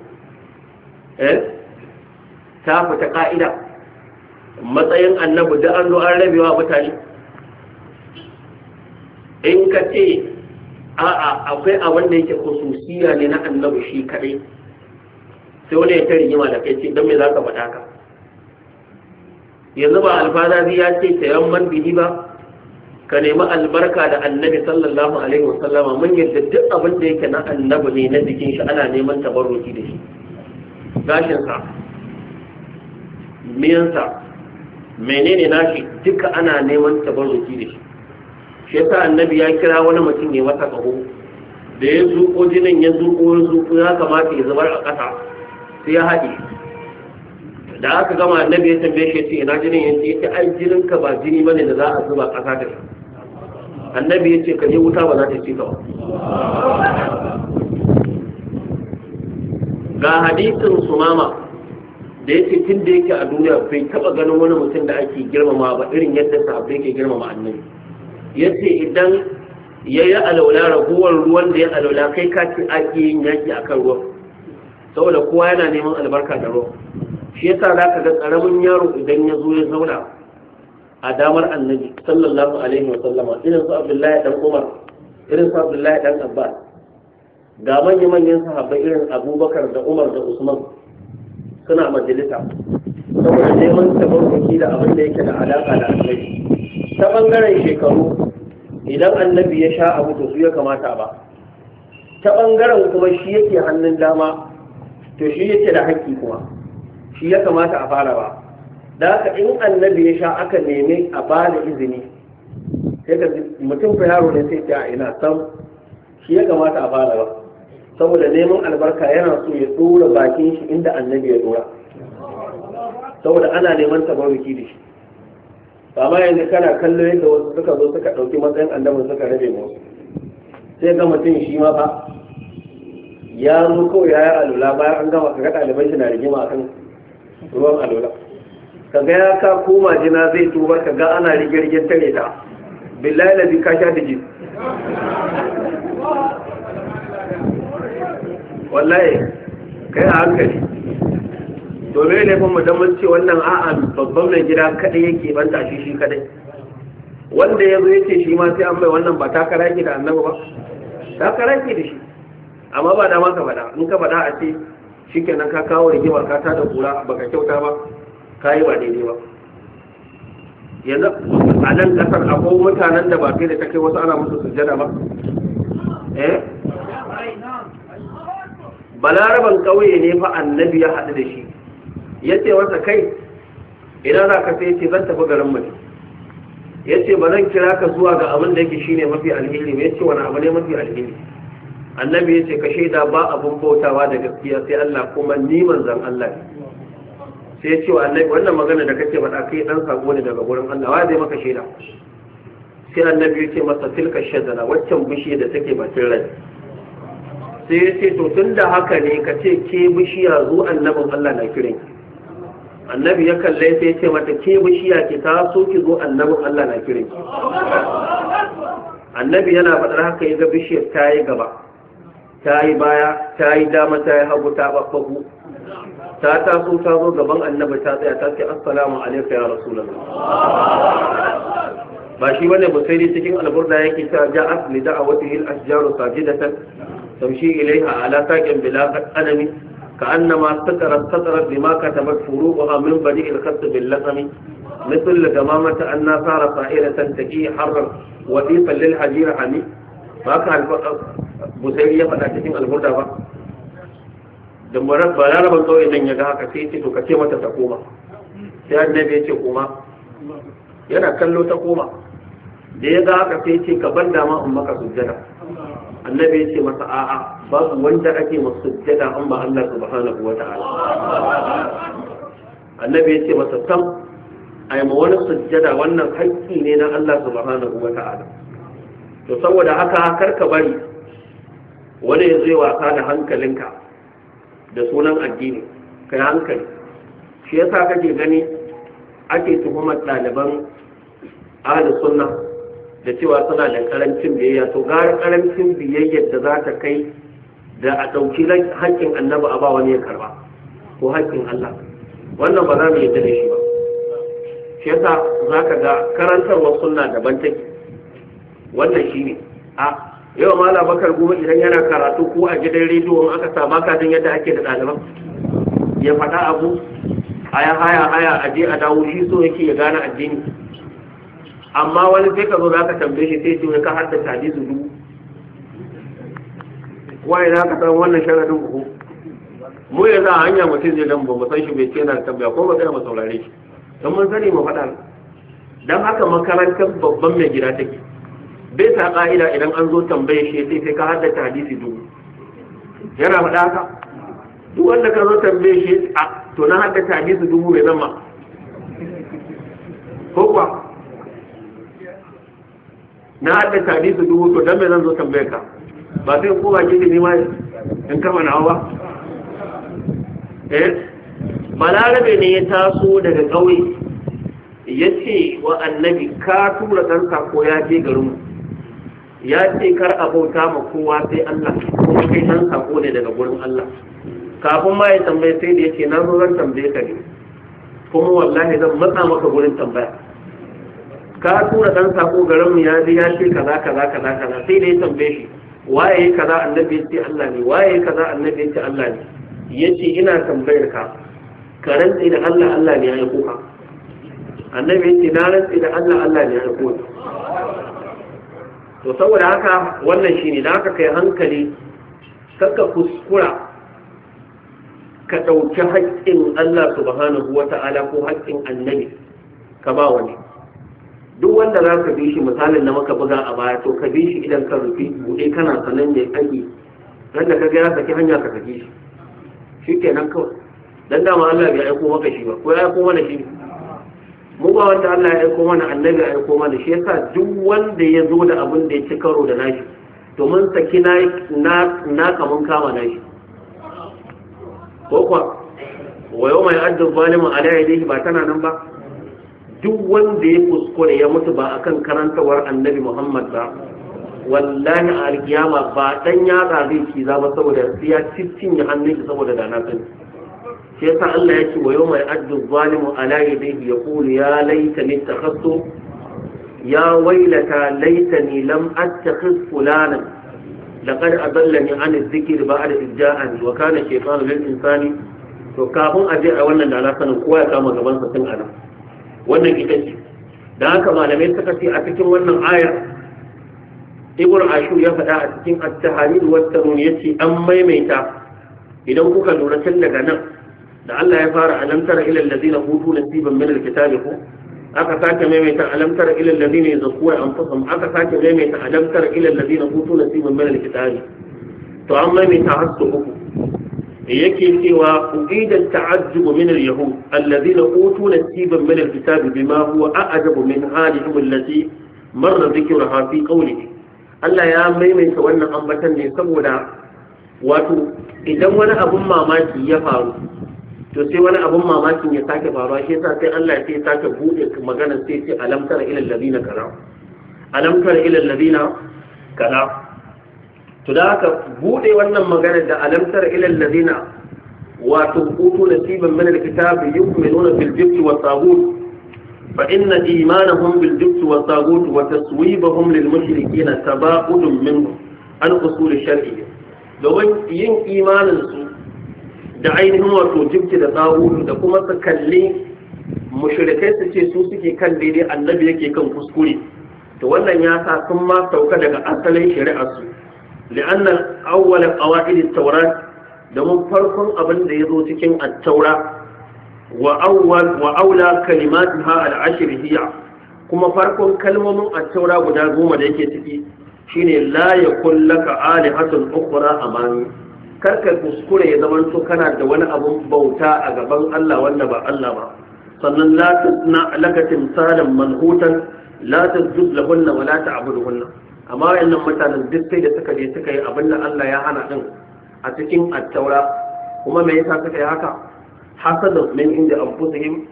eh ta fita ka'ida matsayin Annabu da an zo an rabewa mutane in ka ce a'a akwai abin da yake khususiya ne na Annabu shi kadai sai wani ya tari rigima da kai ce don me za ka faɗa ka yanzu ba zai ya ce tayan man bihi ba ka nemi albarka da annabi sallallahu alaihi wa sallama mun yadda duk abin da yake na annabi ne na jikin shi ana neman tabarruki da shi gashinsa miyansa menene nashi duka ana neman tabarruki da shi shi yasa annabi ya kira wani mutum ne masa kaho da ya zuƙo jinin ya zuƙo ya zuƙo ya kamata ya zubar a ƙasa sai ya haɗe da aka gama annabi ya tambaye shi ce ina jinin yanzu yace ai jinin ka ba jini bane da za a zuba ƙasa da annabi ya ce ka je wuta ba za ta ci ka ba ga hadisin sumama da ya ce tun da yake a duniya bai taba ganin wani mutum da ake girmama ba irin yadda sahabbai ke girmama annabi ya ce idan ya yi alaula ragowar ruwan da ya alaula kai ka ce ake yin yaki akan ruwan saboda kowa yana neman albarka da ruwa shi yasa za ka ga karamin yaro idan ya zo ya zauna a damar annabi sallallahu alaihi wa sallama irin su abdullahi dan umar irin su abdullahi dan abbas ga manyan manyan sahabbai irin abubakar da umar da usman suna majalisa saboda neman tabarruki da abin da yake da alaka da annabi ta bangaren shekaru idan annabi ya sha abu da su ya kamata ba ta bangaren kuma shi yake hannun dama to shi yake da haƙƙi kuma shi ya kamata a fara ba da haka in annabi ya sha aka nemi a ba da izini sai ka mutum fa yaro ne sai ta ina san shi ya kamata a fara ba saboda neman albarka yana so ya dora bakin shi inda annabi ya dora saboda ana neman tabarruki da shi ba ma yanzu kana kallo yadda wasu suka zo suka ɗauki matsayin annabin suka rabe mu sai ga mutum shi ma fa ya zo kawai ya yi alula bayan an gama kaga ɗaliban shi na rigima kan ruwan alula kaga ya ka koma jina zai tuba kaga ana rigirgin tare ta billahi lazi ka sha da jini wallahi kai a hankali domin ne kuma mu damar ce wannan a'a babban mai gida kadai yake banta shi shi kadai wanda ya zo yace shi ma sai an bai wannan ba takara ki da annabi ba takara ki da shi amma ba dama ka faɗa in ka faɗa a ce shikenan ka kawo rigima ka ta da kura baka kyauta ba ka yi ba daidai ba yanzu a nan kasar akwai mutanen da ba kai da take wasu ana musu sujjada ba eh balaraban kauye ne fa annabi ya haɗu da shi ya ce masa kai idan za ka sai ce zan tafi garin mu. ya ce ba zan kira ka zuwa ga abin da yake shine mafi alheri ba ya ce wani abu ne mafi alheri annabi ya ce ka shaida ba abun bautawa da gaskiya sai Allah kuma ni manzon Allah sai ya ce wa annabi wannan magana da kake faɗa kai dan sako ne daga gurin Allah wa zai maka shaida sai annabi ya ce masa tilka shadara waccan bishiyar da take bakin rai sai ya ce to tun da haka ne ka ce ke bishiya zo annabin Allah na kiran ki annabi ya kalle sai ya ce mata ke bishiya ki ta so ki zo annabin Allah na kiran ki annabi yana faɗar haka ya ga bishiyar ta yi gaba ta yi baya ta yi dama hagu ta ta taso ta gaban annabi ta tsaya ta ce assalamu alaikum ya rasulullah ba shi ne ba sai cikin alburda yake ta ja asli da wata hil asjaru sajidatan tamshi ilaiha ala taqim bila adami ka annama satara satara bima katabat furuha min bani al khat bil lazami mithl gamamata anna sara sa'iratan taqi harra wa fi lil hajir hamid ba ka busairi ya faɗa cikin alhurda ba da balaraban ƙauye nan ya ga haka sai ce to ka ce mata ta koma sai annabi ya ce koma yana kallo ta koma da ya ga haka sai ce ka ban dama in maka sujjada annabi ya ce masa a'a su wanda ake masu sujjada an ba Allah subhanahu wa ta'ala annabi ya ce masa tam ai ma wani sujjada wannan haƙƙi ne na Allah subhanahu wa ta'ala to saboda haka kar ka bari wani ya zai wasa da hankalinka da sunan addini kai hankali shi yasa kake gani ake tuhumar ɗaliban ahlus sunna da cewa suna da karancin biyayya to gara karancin biyayyar da za ta kai da a ɗauki haƙƙin annabi a ba wani ya karba ko haƙƙin Allah wannan ba za mu yadda da shi ba shi yasa za ka ga karantarwar sunna daban take wannan shi ne. a yau mala bakar goma idan yana karatu ko a gidan rediyo aka sama ka yadda ake da ɗaliban ya faɗa abu haya haya haya a je a dawo shi so yake ya gane addini amma wani sai ka zo za ka tambaye shi sai ce ka haddasa hadisi dubu waye za ka san wannan sharadin ku mu ya za a hanya mutum zai dan ba mu san shi bai ce yana da tambaya ko ba kana mu saurare shi dan mun sani mu faɗa don haka makarantar babban mai gida take bai sa ka'ida idan an zo tambaye shi sai sai ka haddace hadisi duk yana faɗa ka duk wanda ka zo tambaye shi a ah, to na haddace hadisi duk mai zama ko kuwa na haddace hadisi duk to dan me zan zo tambaye ka ba sai ko ba kike nima in kama nawa hawa eh balarabe ne ya taso daga ƙauye ya ce wa annabi ka tura kansa ko ya je garinmu ya ce kar a bauta ma kowa sai Allah kuma kai dan sako ne daga gurin Allah kafin ma ya tambaye sai da yake na zo zan tambaye ka ne kuma wallahi zan matsa maka gurin tambaya ka tura dan sako garin mu ya ji ya ce kaza kaza kaza kaza sai da ya tambaye shi waye kaza annabi ya ce Allah ne waye kaza annabi ya ce Allah ne yace ina tambayar ka ka rantsi da Allah Allah ne ya yi kuka annabi ya ce na rantsi da Allah Allah ne ya yi kuka to saboda haka wannan shi ne, da haka kai hankali kanka kuskura ka ɗauki haƙƙin Allah subhanahu wa ta'ala ko haƙƙin annabi ka ba wani duk wanda za ka bi shi misalin da maka buga a baya to ka bi shi idan ka rufi buɗe kana sanan ne ake nan da ka gaya ya saki hanya ka kaji shi shi kenan kawai dan dama Allah bai aiko maka shi ba ko ya aiko mana shi mu ba wanda Allah ya aiko mana annabi ya aiko mana shi yasa duk wanda ya zo da abin da ya ci karo da nashi to mun saki na na kamun kama nashi ko kuwa wa mai addu zalimu ala yadihi ba tana nan ba duk wanda ya kuskure ya mutu ba akan karantawar annabi Muhammad ba wallahi a alkiyama ba dan yatsa zai ci za ba saboda ya ciccin ya hannun saboda da na sani shi yasa Allah ya ce wa yau mai addu zalimu ala yadayhi yaqulu ya laita ni takhassu ya wailata laitani lam attakhiz ba laqad adallani an adh-dhikri ba'da idja'ani wa kana shaytanu lil insani to kafin a je a wannan da ala sanin kowa ya kama gaban sa tun ana wannan ita ce Da haka malamai suka ce a cikin wannan aya ibn ashu ya faɗa a cikin at-tahrir wa at-tanun yace an maimaita idan kuka lura tun daga nan da Allah ya fara alam tara ilal ladina utu nasiban min alkitabi ko aka sake maimaita alam tara ilal ladina yazkuwa anfusahum aka sake maimaita alam tara ilal ladina utu nasiban min alkitabi to an maimaita har su uku yake cewa uqida ta'ajjub min alyahud alladhina utu nasiban min alkitabi bima huwa a'jabu min halihim allati marra dhikruha fi qawlihi Allah ya maimaita wannan ambatan ne saboda wato idan wani abun mamaki ya faru to sai wani abun mamakin ya sake faruwa shi yasa sai Allah ya sake bude magana sai sai alam tara ilal ladina kaza alam tara ilal ladina kaza to da haka bude wannan magana da alam tara ilal ladina wato utu nasiban min alkitab yu'minuna bil jibti wa tagut fa inna imanahum bil jibti wa tagut wa taswibahum lil mushrikeena tabaqudun minhum an usul shar'i domin yin imanin su da ainihin wato jibki da tsawulu da kuma su kalli mushrikai su ce su suke kan daidai annabi yake kan kuskure to wannan ya sa sun ma sauka daga asalin shari'arsu li'annan awwala qawaid at da domin farkon abin da ya zo cikin at-taura wa awwal wa aula kalimatuha al-ashr hiya kuma farkon kalmomin at-taura guda goma da yake ciki shine la yakul laka alihatun ukhra amani karka kuskure ya zama to kana da wani abun bauta a gaban Allah wanda ba Allah ba sannan la tasna laka timsalan manhutan la tasjud lahunna wa la ta'buduhunna amma wayannan mutanen duk sai da suka je suka yi abin da Allah ya hana din a cikin attaura kuma me yasa suka yi haka hasadan min inda anfusihim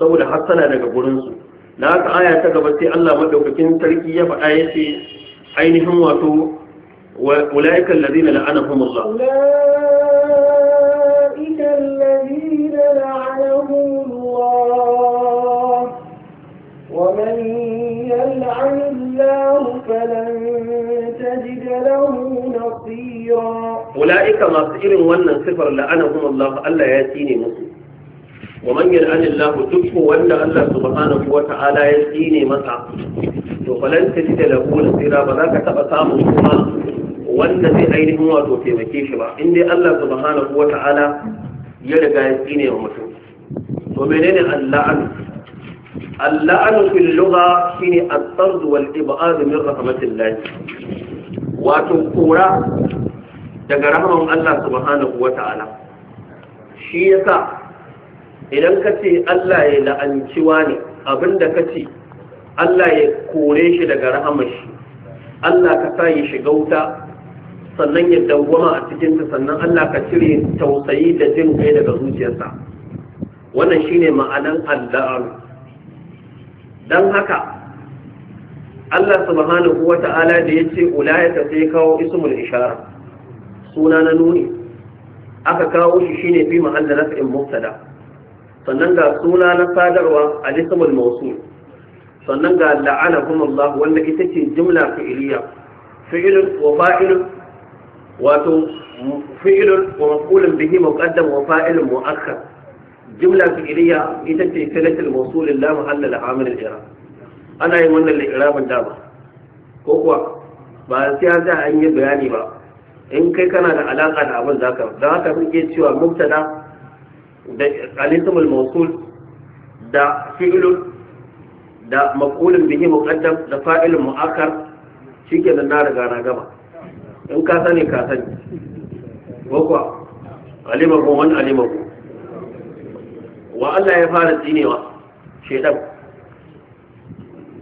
saboda hassana daga gurin su da haka aya ta gaba sai Allah madaukakin sarki ya faɗa yace ainihin wato وأولئك الذين لعنهم الله
أولئك الذين لعنهم الله
ومن يلعن الله فلن تجد له نصيرا أولئك ما سئلوا صفر لعنهم الله ألا يأتيني مسلم ومن يلعن الله تكفو وأن الله سبحانه وتعالى يأتيني مسعى فلن تجد له نصيرا فذاك تبقى سامه wanda zai ainihin wato taimake shi ba in dai Allah subhanahu wa ta'ala ya riga ya tsine wa mutum to menene alla'anu alla'anu fil lugha shine at-tard wal ib'ad min rahmatillah wato kora daga rahman Allah subhanahu wa ta'ala shi yasa idan ka ce Allah ya la'anci wani abinda ka ce Allah ya kore shi daga rahamar shi Allah ka sa ya shiga wuta sannan ya dawwama a cikinta sannan Allah ka cire tausayi da jin kai daga zuciyarsa wannan shine ma'anan addu'ar dan haka Allah subhanahu wa ta'ala da ya ce ulayata sai kawo ismul ishara suna na nuni aka kawo shi shine fi mahalla raf'in mubtada sannan ga suna na sadarwa a ismul mawsul sannan ga la'anakum Allah wanda ita ce jumla fi'iliya fi'il wa fa'il wato fi'ilun wa bihi muqaddam wa fa'ilun mu'akhkhar jumla fi'iliya ita ce filatul mawsulin la mahalla la amil al-i'rab ana yin wannan da dama ko kuwa ba sai an ga an yi bayani ba in kai kana da alaka da abin zaka da haka ke cewa mubtada da alisimul mawsul da fi'ilun da maqulun bihi muqaddam da fa'ilun mu'akhkhar shikenan na riga na gama in ka sani ka sani ko kuwa alimakum wani alimakum wa Allah ya fara tsinewa shedan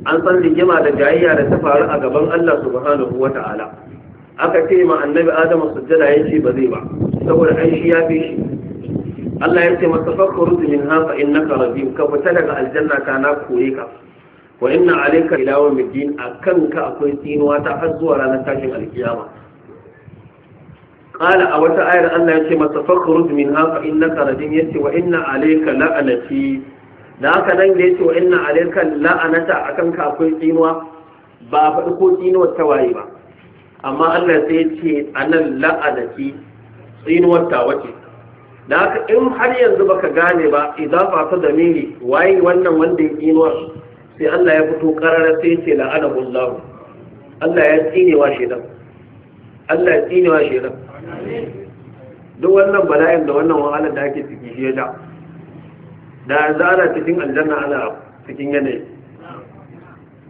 an san rigima da jayayya da ta faru a gaban Allah subhanahu wa ta'ala aka ce ma annabi adamu sujjada ya ce ba zai ba saboda an shi ya fi Allah ya ce masa fakkuru min hafa innaka rabbim ka fita daga aljanna ka na kore ka wa inna alayka ila yawmiddin akan ka akwai tsinuwa ta har zuwa ranar tashin alkiyama قال أو تآير الله يتي ما تفخرج منها فإنك رجيم يتي وإن عليك لعنتي da haka nan da ce: wa inna alayka la'anata akan kafin akwai tsinuwa ba faɗi ko tsinuwar tawaye ba amma Allah sai 'A nan la'anati tsinuwar ta wace da haka in har yanzu baka gane ba idafa ta mini, waye wannan wanda ya tsinuwar sai Allah ya fito karara sai yace la'anahu Allah Allah ya tsinewa shedan Allah ya tsinewa shedan duk wannan bala'in da wannan wahalar da ake ciki shi da da yanzu ana cikin aljanna ana cikin yanayi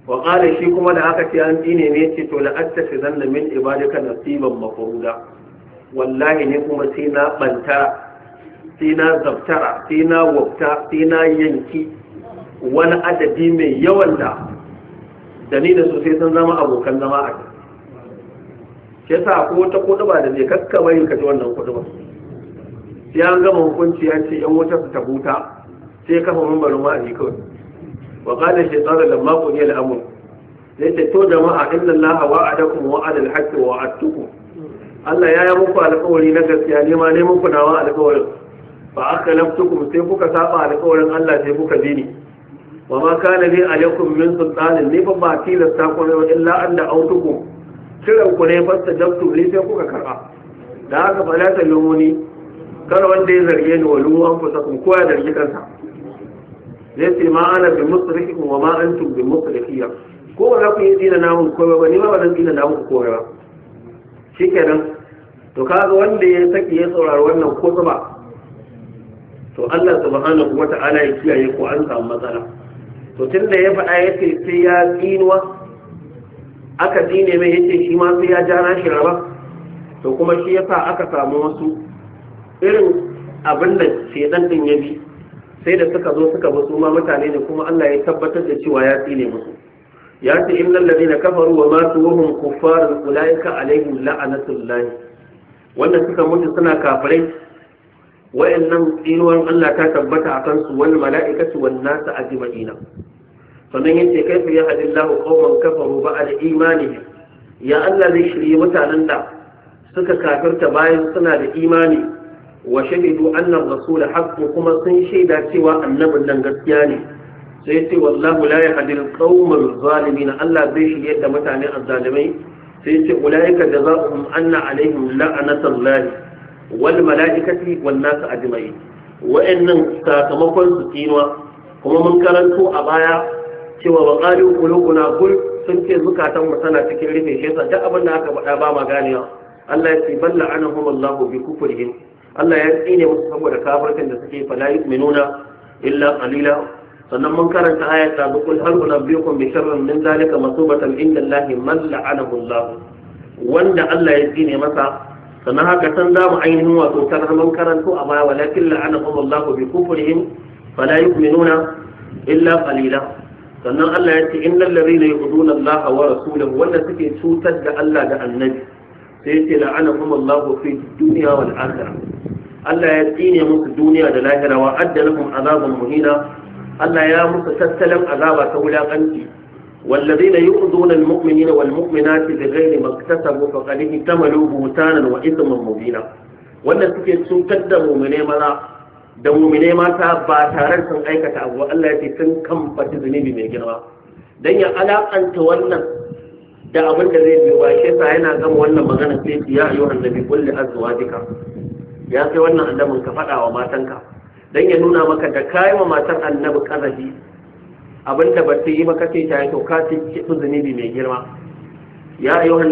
wa kare shi kuma da aka ce an dine ne ce to la zanna min ibadika nasiban mafruda wallahi ne kuma sai na banta sai na zaftara sai na wabta sai na yanki wani adadi mai yawan da da ni da su sai sun zama abokan zama a ke sa ko ta kudu ba da zai kakka bari ka ji wannan kudu ba sai an gama hukunci ya ce yan wuta su tabuta sai ya kafa mambarin ma'azi kawai wa shi shaytanu lamma qudiya al-amr Zai ce to jama'a inna allaha wa'adakum wa al-haqqi wa wa'adtukum Allah ya yi muku alƙawari na gaskiya ne ma ne muku nawa alƙawarin fa aka laftukum sai kuka saba alƙawarin Allah sai kuka bi ni wa ma kana a alaikum min sultanin ne fa ba tilasta ku illa an da autukum kiran ku ne fasta jabtu ne sai kuka karba da haka fa la talumuni kar wanda ya zarge ni walu an sakun kun koya zargi kansa zai ce ma ana bi musrikikum wa ma antum bi musrikiya ko ba ku yi dina mu kowa ba ni ma ba zan na mu kowa ba shikenan to kaga wanda ya saki ya saurari wannan ko ba to Allah subhanahu wata'ala ya kiyaye ku an samu matsala to tunda ya faɗa ya ce sai ya tsinuwa aka tsine mai yace shi ma sai ya jana shi raba to kuma shi yasa aka samu wasu irin abin da shedan din ya bi sai da suka zo suka bi su ma mutane ne kuma Allah ya tabbatar da cewa ya tsine musu ya ce innal ladina kafaru wa matu wa hum kuffarun ulaika alaihim la'anatullah wannan suka mutu suna kafirai wa'annan tsinuwar Allah ta tabbata a kansu wal mala'ikatu wan nasu ajma'ina sannan yace kaifa yahdillahu qauman kafaru da imani. ya Allah zai shirye mutanen da suka kafirta bayan suna da imani wa shahidu anna da haqqu kuma sun shaida cewa annabin nan gaskiya ne sai yace wallahu la yahdil qaumal zalimin Allah zai shirye da mutane azzalimai sai da ulaika jazaohum anna alaihim la'natullahi wal malaikati wan nas ajma'in wa'annan sakamakon su kuma mun karanto a baya cewa wa qalu qulubuna gul sun ce zukatan mu tana cikin rufe shi yasa duk abin da aka faɗa ba ma ganewa Allah ya ce balla anahum Allahu bi kufrihim Allah ya tsine musu saboda kafirkan da suke fala yu'minuna illa qalila sannan mun karanta ayat ta qul hal unabbiukum bi sharrin min zalika masubatan inda Allah man la'anahu Allah wanda Allah ya tsine masa sannan haka san za mu ainihin wato tar mun karanto a baya walakin la'anahum Allah bi kufrihim fala yu'minuna illa qalila sannan Allah ya ce lallari ladhina yu'duna Allah wa rasulahu wanda suke cutar da Allah da annabi sai ya ce la'anahum Allah fi duniya wa akhirah Allah ya tsine musu duniya da lahira wa addalahum azabar muhina Allah ya musu tattalin azaba ta wulakanci والذين يؤذون المؤمنين والمؤمنات بغير ما اكتسبوا فقد احتملوا بهتانا واثما مبينا wanda suke cutar da mu'mine maza da mumine mata ba tare sun aikata abu Allah ya ce sun kamfata zunubi mai girma dan ya alakanta wannan da abin da zai biyo ba shi yasa yana gama wannan magana sai ya ayu annabi kulli azwajika ya sai wannan annabin ka faɗa wa matanka dan ya nuna maka da kai wa matar annabi kazabi abin da ba sai yi maka sai ta yi to ka ci zunubi mai girma يا أيها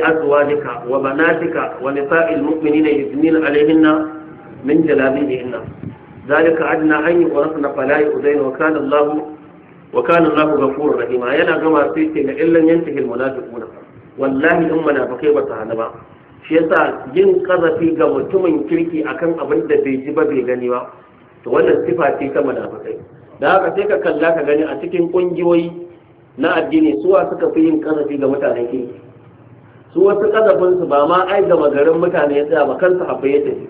azwajika wa banatika wa nisa'il mu'minina يثنين عليهن min jalabibihin nan zalika adna an yuqrafna fala yu'dayna wa kana Allahu wa kana Allahu ghafurur yana gama sai ce ga illan yantahi almunafiquna wallahi in munafikai ba ta hana ba shi yasa yin kazafi ga mutumin kirki akan abin da bai ji ba bai gani ba to wannan sifa ce ta munafikai da haka sai ka kalla ka gani a cikin kungiyoyi na addini suwa suka fi yin kazafi ga mutanen kirki su wasu kazafin su ba ma ai ga magarin mutane ya tsaya ba kansa haɓe ya tafi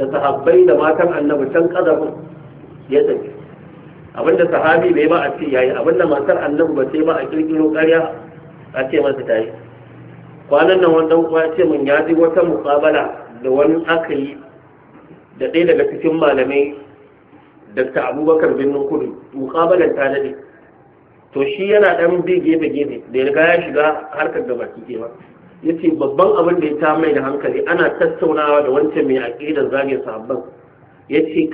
da sahabbai da matan annabi can kazafin ya tafi abinda sahabi bai ba a ce yayi abinda matar annabi ba sai ba a kirkiro karya a ce masa ta yi. kwanan nan wanda uwa ce min ya ji wata muƙabala da wani aka yi da ɗaya daga cikin malamai ta Abubakar Binnin Kudu mukabalar ta daɗe to shi yana ɗan bi gefe gefe da ya riga ya shiga harkar baki ke ba ya ce babban abin da ya ta mai da hankali ana tattaunawa da wancan mai aƙidar zagin sahabban ya ce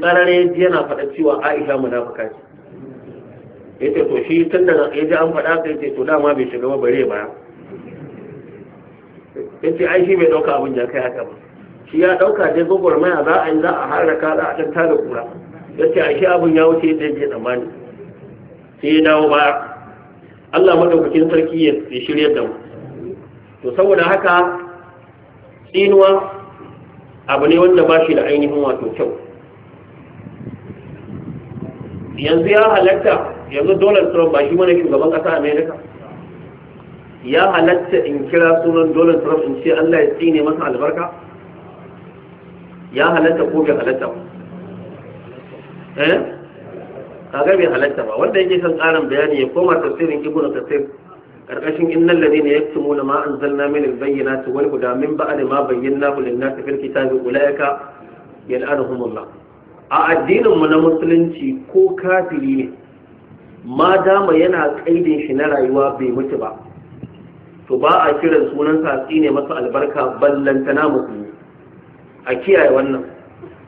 ji yana faɗa cewa aisha munafika ce ya ce to shi tun da ya ji an faɗa ka yace to dama bai shiga ba bare ba ya ce ai shi bai ɗauka abin da kai haka ba shi ya ɗauka dai maya za a yi za a harraka za a can tada kura ya ce a shi abin ya wuce yadda ya tsammani sai ya dawo ba Allah madaukakin sarki ya shirya da mu to saboda haka tsinuwa abu ne wanda ba shi da ainihin wato kyau yanzu ya halatta yanzu donald trump ba shi mana shugaban ƙasa america ya halatta in kira sunan donald trump in ce allah ya tsine masa albarka ya halatta ko bai halatta ba eh kaga bai halatta ba wanda yake son ƙarin bayani ya koma tafsirin ibnu tafsir karkashin ya ladina yaktumuna ma anzalna min bayyana ta wani guda min ba'di ma bayyanahu lin-nasi fil kitabi ulaika yal'anuhumullah a addinin mu na musulunci ko kafiri ne ma dama yana kaidin shi na rayuwa bai mutu ba to ba a kiran sunan sa ne masa albarka ballantana musulmi a kiyaye wannan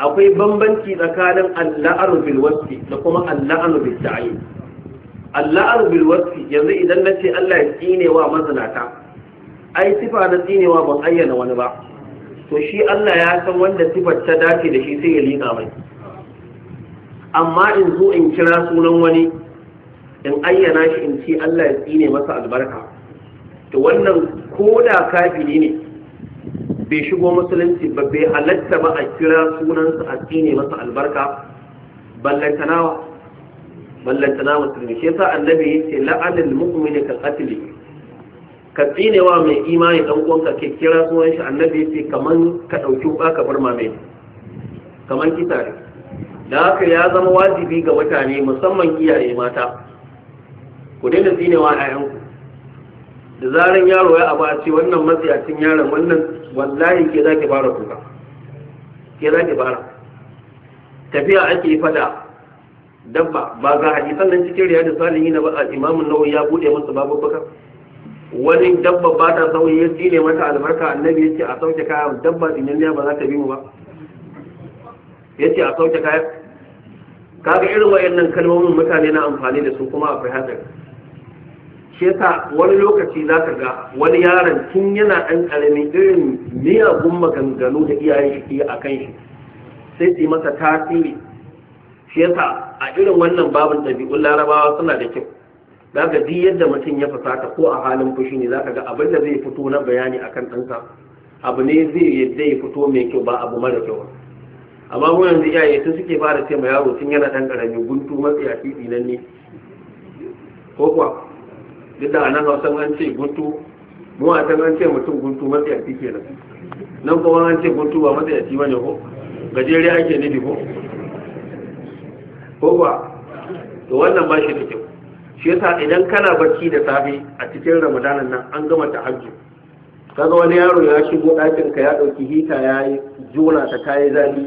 akwai bambanci tsakanin alla'anu bil da kuma alla'anu bil Allah bil yanzu idan na ce Allah ya tsinewa mazinata ai sifa na tsinewa ban ayyana wani ba to shi Allah ya san wanda sifar ta dace da shi sai ya liƙa mai amma in zo in kira sunan wani in ayyana shi in ce Allah ya tsine masa albarka to wannan ko da kafiri ne bai shigo musulunci ba bai halatta ba a kira sunansa a tsine masa albarka ballantanawa namu musulmi shi yasa annabi ya ce la'anil mu'mini ka qatli ka tsinewa mai imani dan ka ke kira sunan shi annabi ya ce kaman ka dauki ba ka bar mai kaman kisa da haka ya zama wajibi ga mutane musamman iyaye mata ku daina tsinewa ƴaƴanku da zaran yaro ya abu a ce wannan matsiyacin yaron wannan wallahi ke zaki fara kuka ke zaki fara tafiya ake fada dabba ba ga hadisan nan cikin riyadu salihin ba a imamun nawa ya bude masa babu baka? wani dabba ba ta sauyi ya tsine mata albarka annabi yace a sauke kaya dabba tsinanniya ba za ta bi mu ba yace a sauke kaya kaga irin wayannan kalmomin mutane na amfani da su kuma a hatsari shi wani lokaci za ka ga wani yaron tun yana ɗan ƙarami irin miyagun maganganu da iyayen shi a kan shi sai su yi masa tasiri shi yasa a irin wannan babin ɗabi'un larabawa suna da kyau zaka ji yadda mutum ya fasata ko a halin fushi ne zaka ga abin da zai fito na bayani akan ɗansa abu ne zai yadda ya fito mai kyau ba abu mara kyau amma mu yanzu iyaye tun suke fara ce ma yaro tun yana ɗan ƙarami guntu matsi a titi nan ne ko kuwa duk da anan hausa an ce guntu mu a can an ce mutum guntu matsi a titi nan nan kuma an ce guntu ba matsi a titi ne ko gajeriya ake nufi ko ko ba to wannan ba shi da kyau shi yasa idan kana barci da safe a cikin ramadanan nan an gama ta hajji kaga wani yaro ya shigo ɗakin ka ya ɗauki hita ya yi jona ta kayi zafi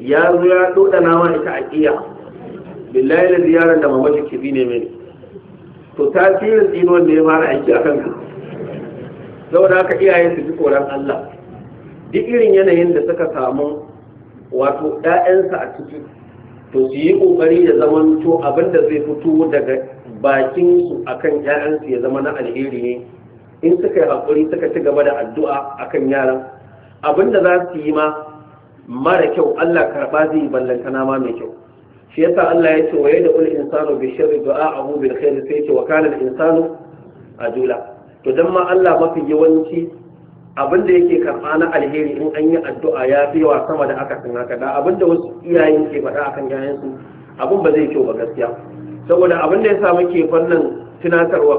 ya zo ya ɗoɗa nama ita a iya. billahi da ziyarar da mamaci bi ne mai to tasirin tsinon da ya fara aiki a kanka saboda haka iyaye su ji tsoron Allah duk irin yanayin da suka samu wato ɗayansa a ciki to su yi kokari da zaman to abin da zai fito daga bakin su akan ƴaƴansu ya zama na alheri ne in suka yi hakuri suka ci gaba da addu'a akan yaran abin da za su yi ma mara kyau Allah karba zai na ma mai kyau shi yasa Allah ya ce waye da ul insanu bi sharri du'a'ahu bil khair sai ce wa kana al insanu ajula to dan ma Allah mafi yawanci abin da yake karɓa na alheri in an yi addu'a ya fi yawa sama da aka san haka da abin da wasu iyayen ke faɗa akan yayansu abin ba zai kyau ba gaskiya saboda abin da ya sa muke fannin tunatarwa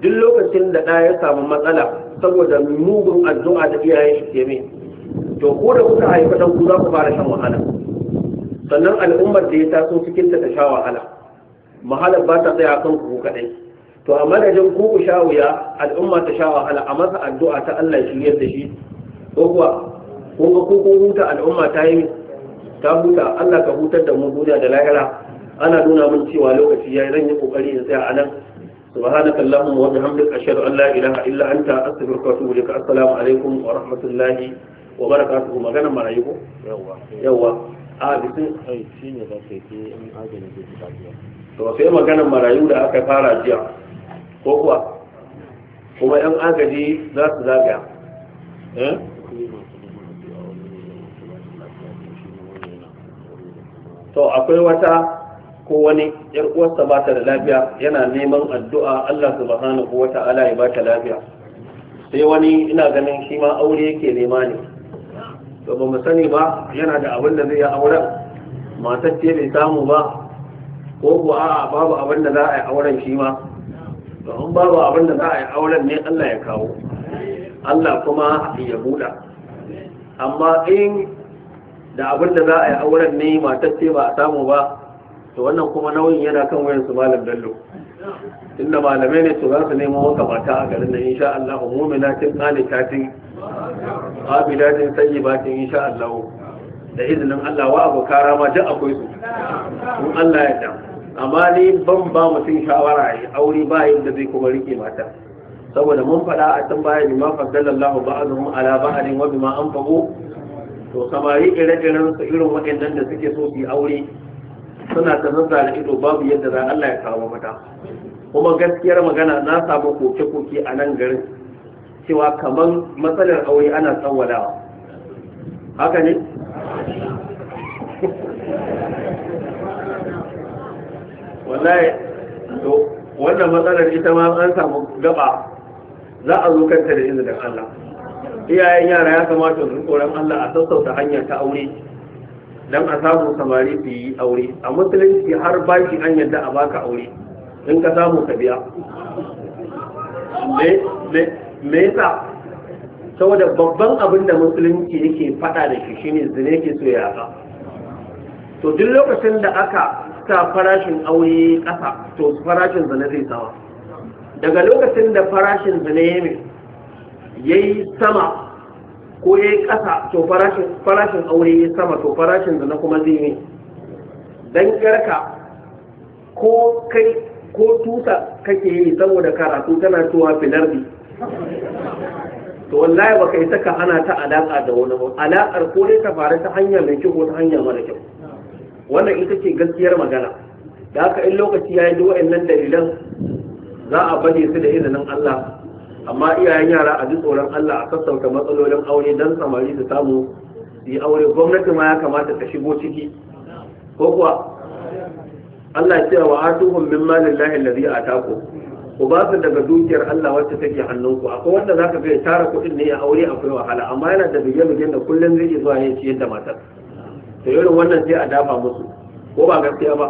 duk lokacin da ɗaya ya samu matsala saboda mugun addu'a da iyayen shi ke mai to ko da kuka haifi ɗan ku za ku fara shan wahala sannan al'ummar da ya taso cikin ta sha wahala mahalar ba ta tsaya kan ku kaɗai to a madadin ku ku sha wuya al'umma ta sha wahala a masa addu'a ta Allah shi yadda shi ko kuwa ko ku huta al'umma ta yi ta huta Allah ka hutar da mu duniya da lahira ana nuna min cewa lokaci yayi zan yi kokari in tsaya anan سبحانك اللهم وبحمدك أشهد أن لا إله إلا أنت أستغفرك وأتوب إليك السلام عليكم ورحمة الله وبركاته ما كان مرايبو يوا يوا a bisin shi ne ba sai in agaji da to sai maganar marayu da aka fara jiya ko kuwa kuma yan agaji za su zagaya eh? to akwai wata ko wani yar uwarsa ba ta da lafiya yana neman addu'a Allah subhanahu wata'ala ya ba ta lafiya sai wani ina ganin shi ma aure yake nema ne to ba mu sani ba yana da abin da zai yi auren matacce ce bai samu ba ko kuwa a'a babu abin da za a yi auren shi ma domin babu abin da za a yi auren ne Allah ya kawo Allah kuma ya buɗa amma in da abin da za a yi auren ne matar ce ba a samu ba to wannan kuma nauyin yana kan wayan su malam dallo inda malamai ne su za su nemo maka mata a garin nan insha Allah mu'minatin sai qabilatin sayyibatin insha Allah da izinin Allah wa abokara ma duk akwai su in Allah ya yarda amma ni ban ba mutum shawara a aure ba yadda zai kuma rike mata saboda mun faɗa a can baya bima faddalallahu ba'dhum ala ba'din wa bima anfaqu to samari ire-iren su irin waɗannan da suke so su aure suna ta da ido babu yadda za Allah ya kawo mata kuma gaskiyar magana na samu koke-koke a nan garin cewa kamar matsalar aure ana tsawalawa haka ne wallahi wannan matsalar ita ma an samu gaba za a zo kanta da izinin Allah iyayen yara ya kamata su tsoron Allah a sassauta hanyar ta aure dan a samu samari su yi aure a musulunci har baki an yadda a baka aure in ka samu ka biya
me
yasa saboda babban abin da musulunci yake fada da shi shine zina ke so ya to duk lokacin da aka ta farashin aure ƙasa to farashin zane zai sama daga lokacin da farashin zane ya ya yi sama ko ya yi ƙasa to farashin aure ya sama to farashin zane kuma zai mai don ƙarka ko kai ko tusa kake yi saboda karatu tana cewa filardi to wallahi ka yi saka ana ta alaƙa da wani ba. alaƙar ko dai ta faru ta hanya mai kyau ko ta hanya mara kyau wannan ita ce gaskiyar magana da haka in lokaci ya yi duk nan dalilan za a bane su da izinin Allah amma iyayen yara a ji tsoron Allah a sassauta matsalolin aure don samari su samu yi aure gwamnati ma ya kamata ta shigo ciki ko kuwa Allah ya ce wa atuhum min malillahi allazi ataku ku ba su daga dukiyar Allah wacce take hannunku akwai wanda zaka ga ya tara kuɗin ne ya aure akwai wahala amma yana da bige-bigen da kullum zai zuwa ya ciyar da matar da irin wannan sai a dafa musu ko ba gaskiya ba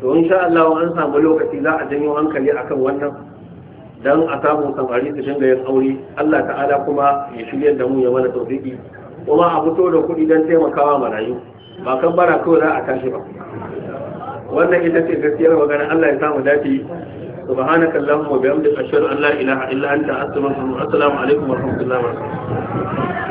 to insha Allah an samu lokaci za a janyo hankali akan wannan dan a samu samari su dinga yin aure Allah ta'ala kuma ya shirya da mu ya mana tawfiki kuma a fito da kuɗi don taimakawa marayu ba kan bara kawai za a tashi ba wannan ita ce gaskiyar magana Allah ya samu dace سبحانك اللهم وبحمدك اشهد ان لا اله الا انت استغفرك واتوب اليك السلام عليكم ورحمه الله وبركاته